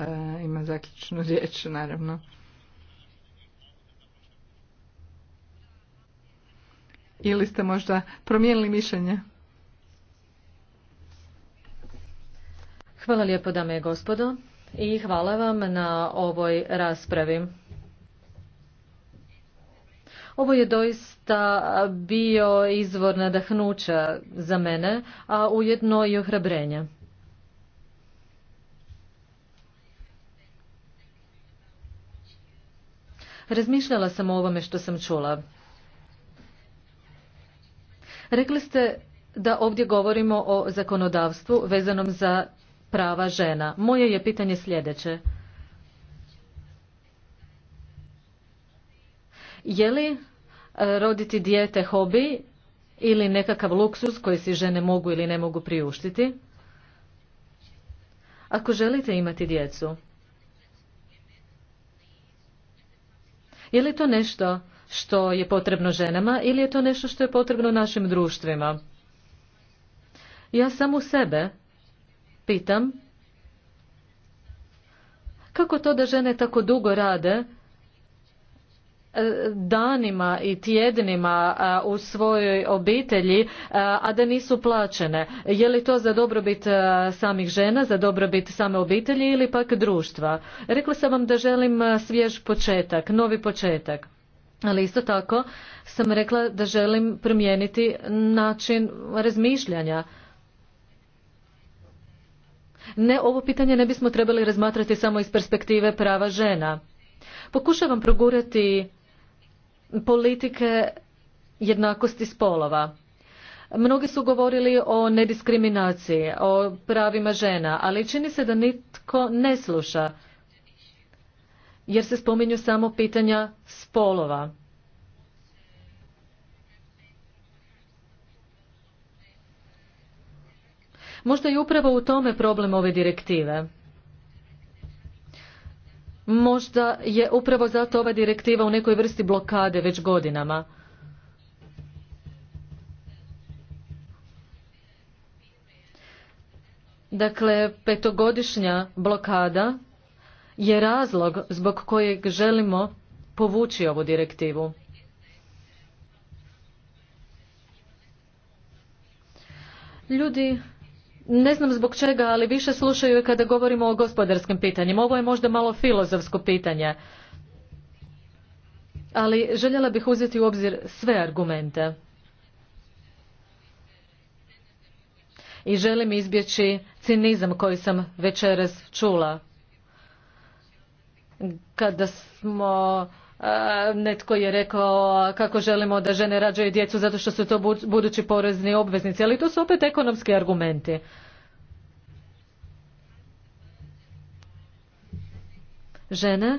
Speaker 1: ima zaključnu riječ, naravno. Ili ste možda promijenili mišljenje?
Speaker 2: Hvala lijepo dame i gospodo i hvala vam na ovoj raspravi. Ovo je doista bio izvor nadahnuća za mene, a ujedno i ohrabrenja. Razmišljala sam o ovome što sam čula. Rekli ste da ovdje govorimo o zakonodavstvu vezanom za prava žena. Moje je pitanje sljedeće. Je li e, roditi dijete hobi ili nekakav luksus koji si žene mogu ili ne mogu priuštiti? Ako želite imati djecu, je li to nešto što je potrebno ženama ili je to nešto što je potrebno našim društvima? Ja u sebe pitam kako to da žene tako dugo rade E, danima i tjednima e, u svojoj obitelji, e, a da nisu plaćene. Je li to za dobrobit samih žena, za dobrobit same obitelji ili pak društva? Rekla sam vam da želim svjež početak, novi početak. Ali isto tako sam rekla da želim promijeniti način razmišljanja. Ne, ovo pitanje ne bismo trebali razmatrati samo iz perspektive prava žena. Pokušavam progurati politike jednakosti spolova. Mnogi su govorili o nediskriminaciji, o pravima žena, ali čini se da nitko ne sluša, jer se spominju samo pitanja spolova. Možda je upravo u tome problem ove direktive. Možda je upravo zato ova direktiva u nekoj vrsti blokade već godinama. Dakle, petogodišnja blokada je razlog zbog kojeg želimo povući ovu direktivu. Ljudi ne znam zbog čega, ali više slušaju kada govorimo o gospodarskim pitanjima. Ovo je možda malo filozofsko pitanje. Ali željela bih uzeti u obzir sve argumente. I želim izbjeći cinizam koji sam večeras čula. Kada smo netko je rekao kako želimo da žene rađaju djecu zato što su to budući porezni obveznici, ali to su opet ekonomski argumenti. Žene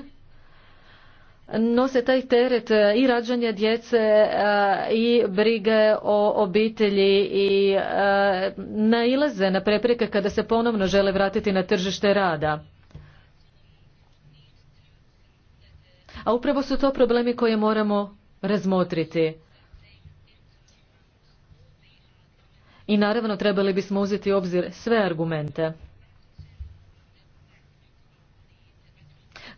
Speaker 2: nose taj teret e, i rađanja djece e, i brige o obitelji i e, nailaze na prepreke kada se ponovno žele vratiti na tržište rada. A upravo su to problemi koje moramo razmotriti. I naravno trebali bismo uzeti u obzir sve argumente.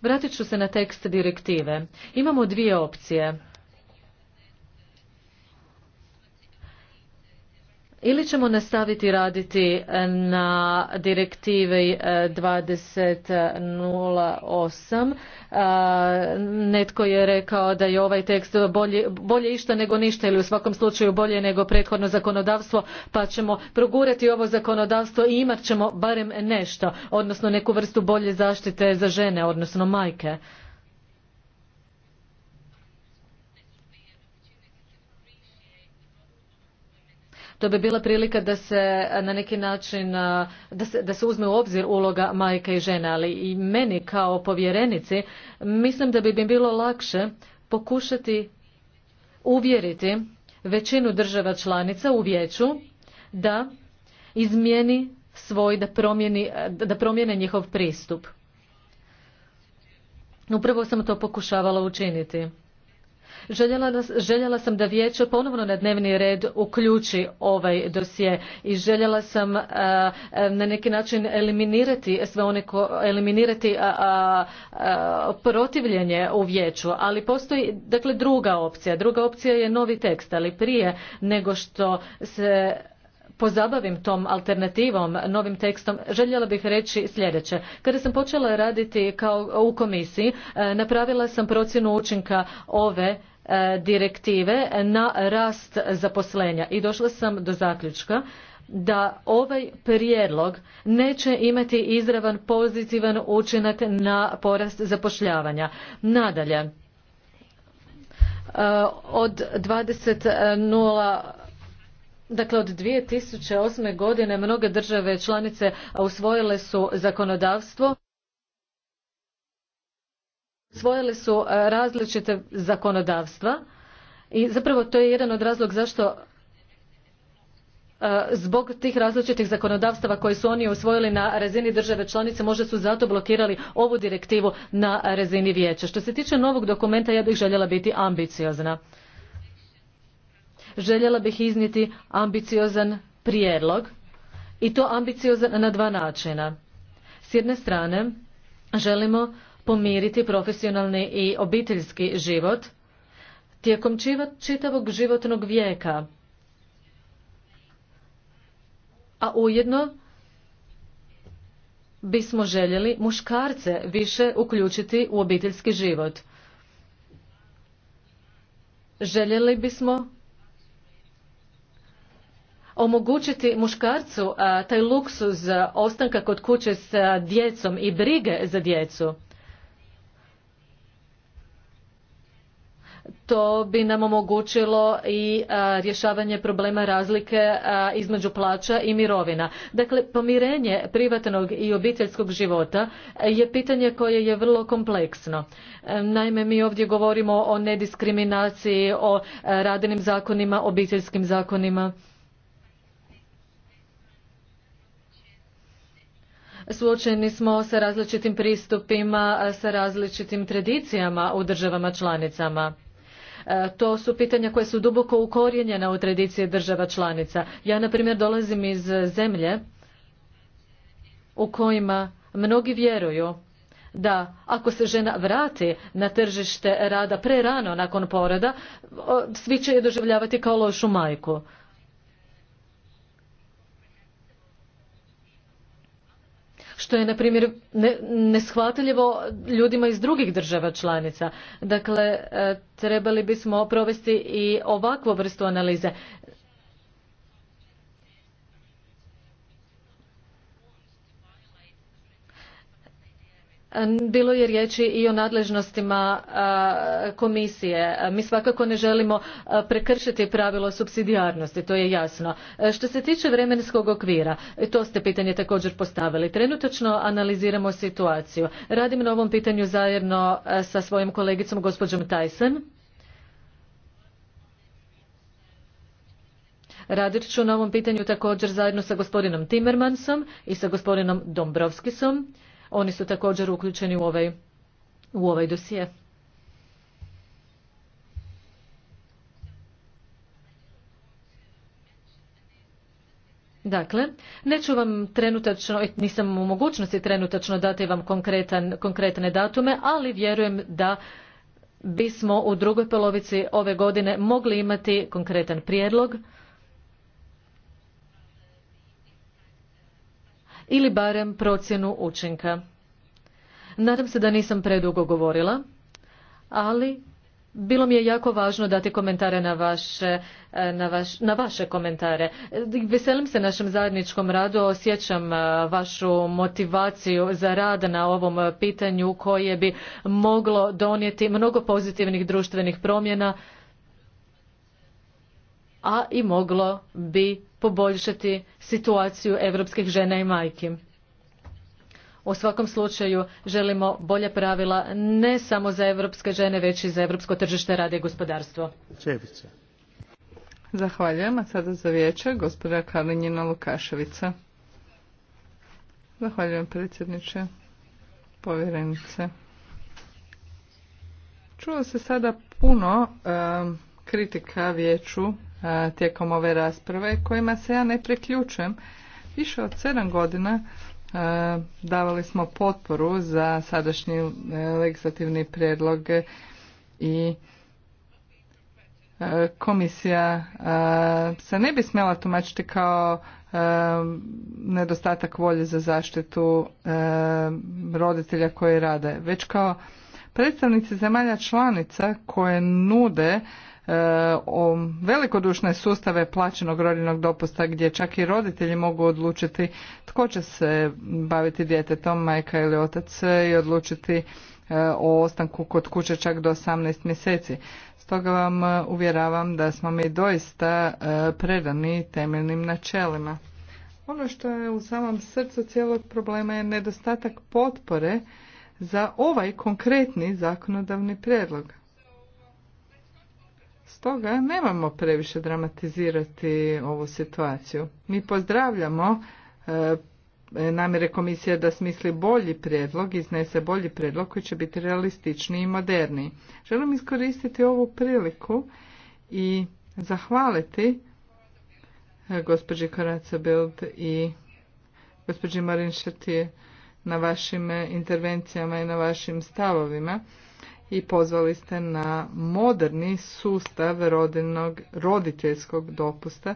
Speaker 2: Vratit ću se na tekst direktive. Imamo dvije opcije. ili ćemo nastaviti raditi eh, na direktivi 2008. Eh, eh, netko je rekao da je ovaj tekst bolje, bolje išta nego ništa ili u svakom slučaju bolje nego prethodno zakonodavstvo pa ćemo progurati ovo zakonodavstvo i imat ćemo barem nešto, odnosno neku vrstu bolje zaštite za žene, odnosno majke. To bi bila prilika da se na neki način, da se, da se uzme u obzir uloga majke i žene, ali i meni kao povjerenici mislim da bi mi bilo lakše pokušati uvjeriti većinu država članica u vijeću da izmijeni svoj, da, promijeni, da promijene njihov pristup. Upravo sam to pokušavala učiniti. Željela, sam da vijeće ponovno na dnevni red uključi ovaj dosje i željela sam eh, eh, na neki način eliminirati sve one ko, eliminirati a, protivljenje u vijeću, ali postoji dakle druga opcija. Druga opcija je novi tekst, ali prije nego što se pozabavim tom alternativom, novim tekstom, željela bih reći sljedeće. Kada sam počela raditi kao u komisiji, e, napravila sam procjenu učinka ove e, direktive na rast zaposlenja i došla sam do zaključka da ovaj prijedlog neće imati izravan pozitivan učinak na porast zapošljavanja. Nadalje, e, od 20.0 Dakle, od 2008. godine mnoge države članice usvojile su zakonodavstvo usvojile su različite zakonodavstva i zapravo to je jedan od razlog zašto zbog tih različitih zakonodavstava koje su oni usvojili na razini države članice možda su zato blokirali ovu direktivu na razini vijeća. Što se tiče novog dokumenta ja bih željela biti ambiciozna željela bih iznijeti ambiciozan prijedlog i to ambiciozan na dva načina. S jedne strane želimo pomiriti profesionalni i obiteljski život tijekom čitavog životnog vijeka, a ujedno bismo željeli muškarce više uključiti u obiteljski život. Željeli bismo omogućiti muškarcu taj luksuz ostanka kod kuće s djecom i brige za djecu. To bi nam omogućilo i rješavanje problema razlike između plaća i mirovina. Dakle, pomirenje privatnog i obiteljskog života je pitanje koje je vrlo kompleksno. E, naime, mi ovdje govorimo o nediskriminaciji, o radnim zakonima, obiteljskim zakonima. suočeni smo sa različitim pristupima, sa različitim tradicijama u državama članicama. E, to su pitanja koja su duboko ukorijenjena u tradicije država članica. Ja, na primjer, dolazim iz zemlje u kojima mnogi vjeruju da ako se žena vrati na tržište rada prerano nakon poroda, svi će je doživljavati kao lošu majku. što je na primjer neshvatljivo ljudima iz drugih država članica. Dakle, e, trebali bismo provesti i ovakvu vrstu analize. bilo je riječi i o nadležnostima komisije. Mi svakako ne želimo prekršiti pravilo supsidijarnosti, to je jasno. E, što se tiče vremenskog okvira, e, to ste pitanje također postavili. Trenutačno analiziramo situaciju. Radim na ovom pitanju zajedno sa svojom kolegicom gospođom Tyson. Radit ću na ovom pitanju također zajedno sa gospodinom Timmermansom i sa gospodinom Dombrovskisom. Oni su također uključeni u ovaj, u ovaj dosije. Dakle, neću vam trenutačno, e, nisam u mogućnosti trenutačno dati vam konkretan, konkretne datume, ali vjerujem da bismo u drugoj polovici ove godine mogli imati konkretan prijedlog ili barem procjenu učinka. Nadam se da nisam predugo govorila, ali bilo mi je jako važno dati komentare na vaše, e, na, vaš, na vaše komentare. Veselim se našem zajedničkom radu, osjećam e, vašu motivaciju za rad na ovom pitanju koje bi moglo donijeti mnogo pozitivnih društvenih promjena, a i moglo bi poboljšati situaciju europskih žena i majki. U svakom slučaju želimo bolje pravila ne samo za europske žene, već i za europsko tržište rada i gospodarstvo.
Speaker 1: Zahvaljujem, a sada za vijeće gospoda Kalinjina Lukaševica. Zahvaljujem predsjedniče, povjerenice. Čuo se sada puno kritika vijeću tijekom ove rasprave kojima se ja ne preključujem. Više od sedam godina davali smo potporu za sadašnji e, legislativni prijedlog i e, komisija se ne bi smjela tumačiti kao e, nedostatak volje za zaštitu roditelja koji rade, već kao predstavnici zemalja članica koje nude E, o velikodušne sustave plaćenog rodiljnog dopusta gdje čak i roditelji mogu odlučiti tko će se baviti djetetom, majka ili otac e, i odlučiti e, o ostanku kod kuće čak do 18 mjeseci. Stoga vam uvjeravam da smo mi doista predani temeljnim načelima. Ono što je u samom srcu cijelog problema je nedostatak potpore za ovaj konkretni zakonodavni prijedlog. Stoga nemamo previše dramatizirati ovu situaciju. Mi pozdravljamo e, namjere komisije da smisli bolji prijedlog, iznese bolji prijedlog koji će biti realističniji i moderniji. Želim iskoristiti ovu priliku i zahvaliti e, gospođi Koraca Bild i gospođi Marin na vašim intervencijama i na vašim stavovima i pozvali ste na moderni sustav rodinog, roditeljskog dopusta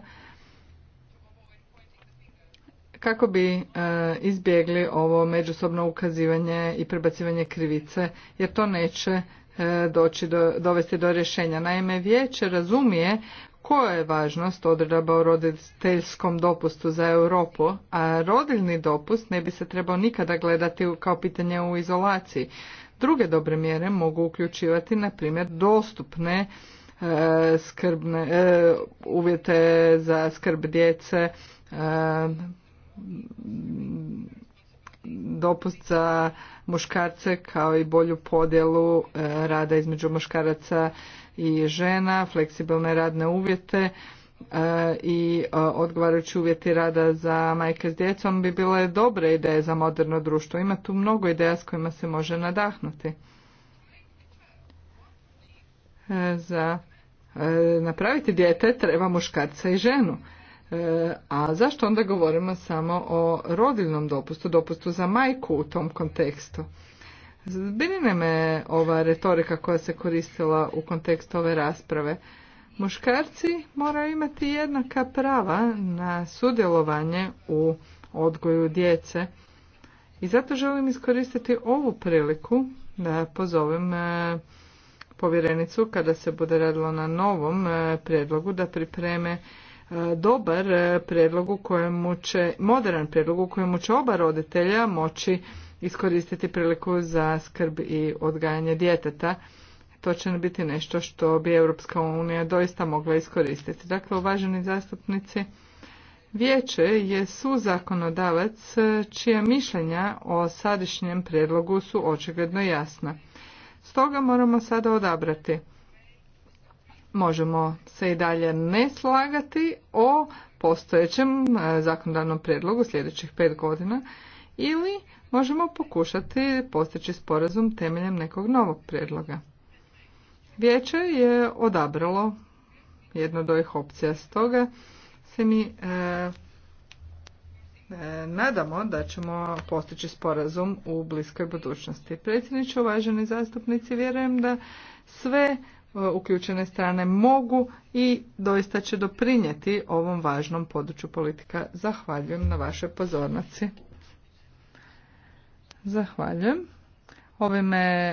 Speaker 1: kako bi e, izbjegli ovo međusobno ukazivanje i prebacivanje krivice jer to neće e, doći do, dovesti do rješenja. Naime, vijeće razumije koja je važnost odredaba o roditeljskom dopustu za Europu, a rodiljni dopust ne bi se trebao nikada gledati kao pitanje u izolaciji. Druge dobre mjere mogu uključivati, na primjer, dostupne e, skrbne, e, uvjete za skrb djece, e, dopust za muškarce kao i bolju podjelu rada između muškaraca i žena, fleksibilne radne uvjete, E, i e, odgovarajući uvjeti rada za majke s djecom bi bile dobre ideje za moderno društvo. Ima tu mnogo ideja s kojima se može nadahnuti. E, za napraviti dijete treba muškarca i ženu. A zašto onda govorimo samo o rodilnom dopustu, dopustu za majku u tom kontekstu? Zbrine me ova retorika koja se koristila u kontekstu ove rasprave Muškarci moraju imati jednaka prava na sudjelovanje u odgoju djece. I zato želim iskoristiti ovu priliku da pozovem e, povjerenicu kada se bude radilo na novom e, prijedlogu da pripreme e, dobar prijedlog u kojemu će, modern prijedlog u kojemu će oba roditelja moći iskoristiti priliku za skrb i odgajanje djeteta to će biti nešto što bi Europska unija doista mogla iskoristiti. Dakle, uvaženi zastupnici, Vijeće je suzakonodavac čija mišljenja o sadašnjem prijedlogu su očigledno jasna. Stoga moramo sada odabrati. Možemo se i dalje ne slagati o postojećem e, zakonodavnom prijedlogu sljedećih pet godina ili možemo pokušati postići sporazum temeljem nekog novog prijedloga. Vijeće je odabralo jednu od ovih opcija. Stoga se mi e, e, nadamo da ćemo postići sporazum u bliskoj budućnosti. Predsjedniče, uvaženi zastupnici, vjerujem da sve e, uključene strane mogu i doista će doprinijeti ovom važnom području politika. Zahvaljujem na vašoj pozornici. Zahvaljujem. Ovime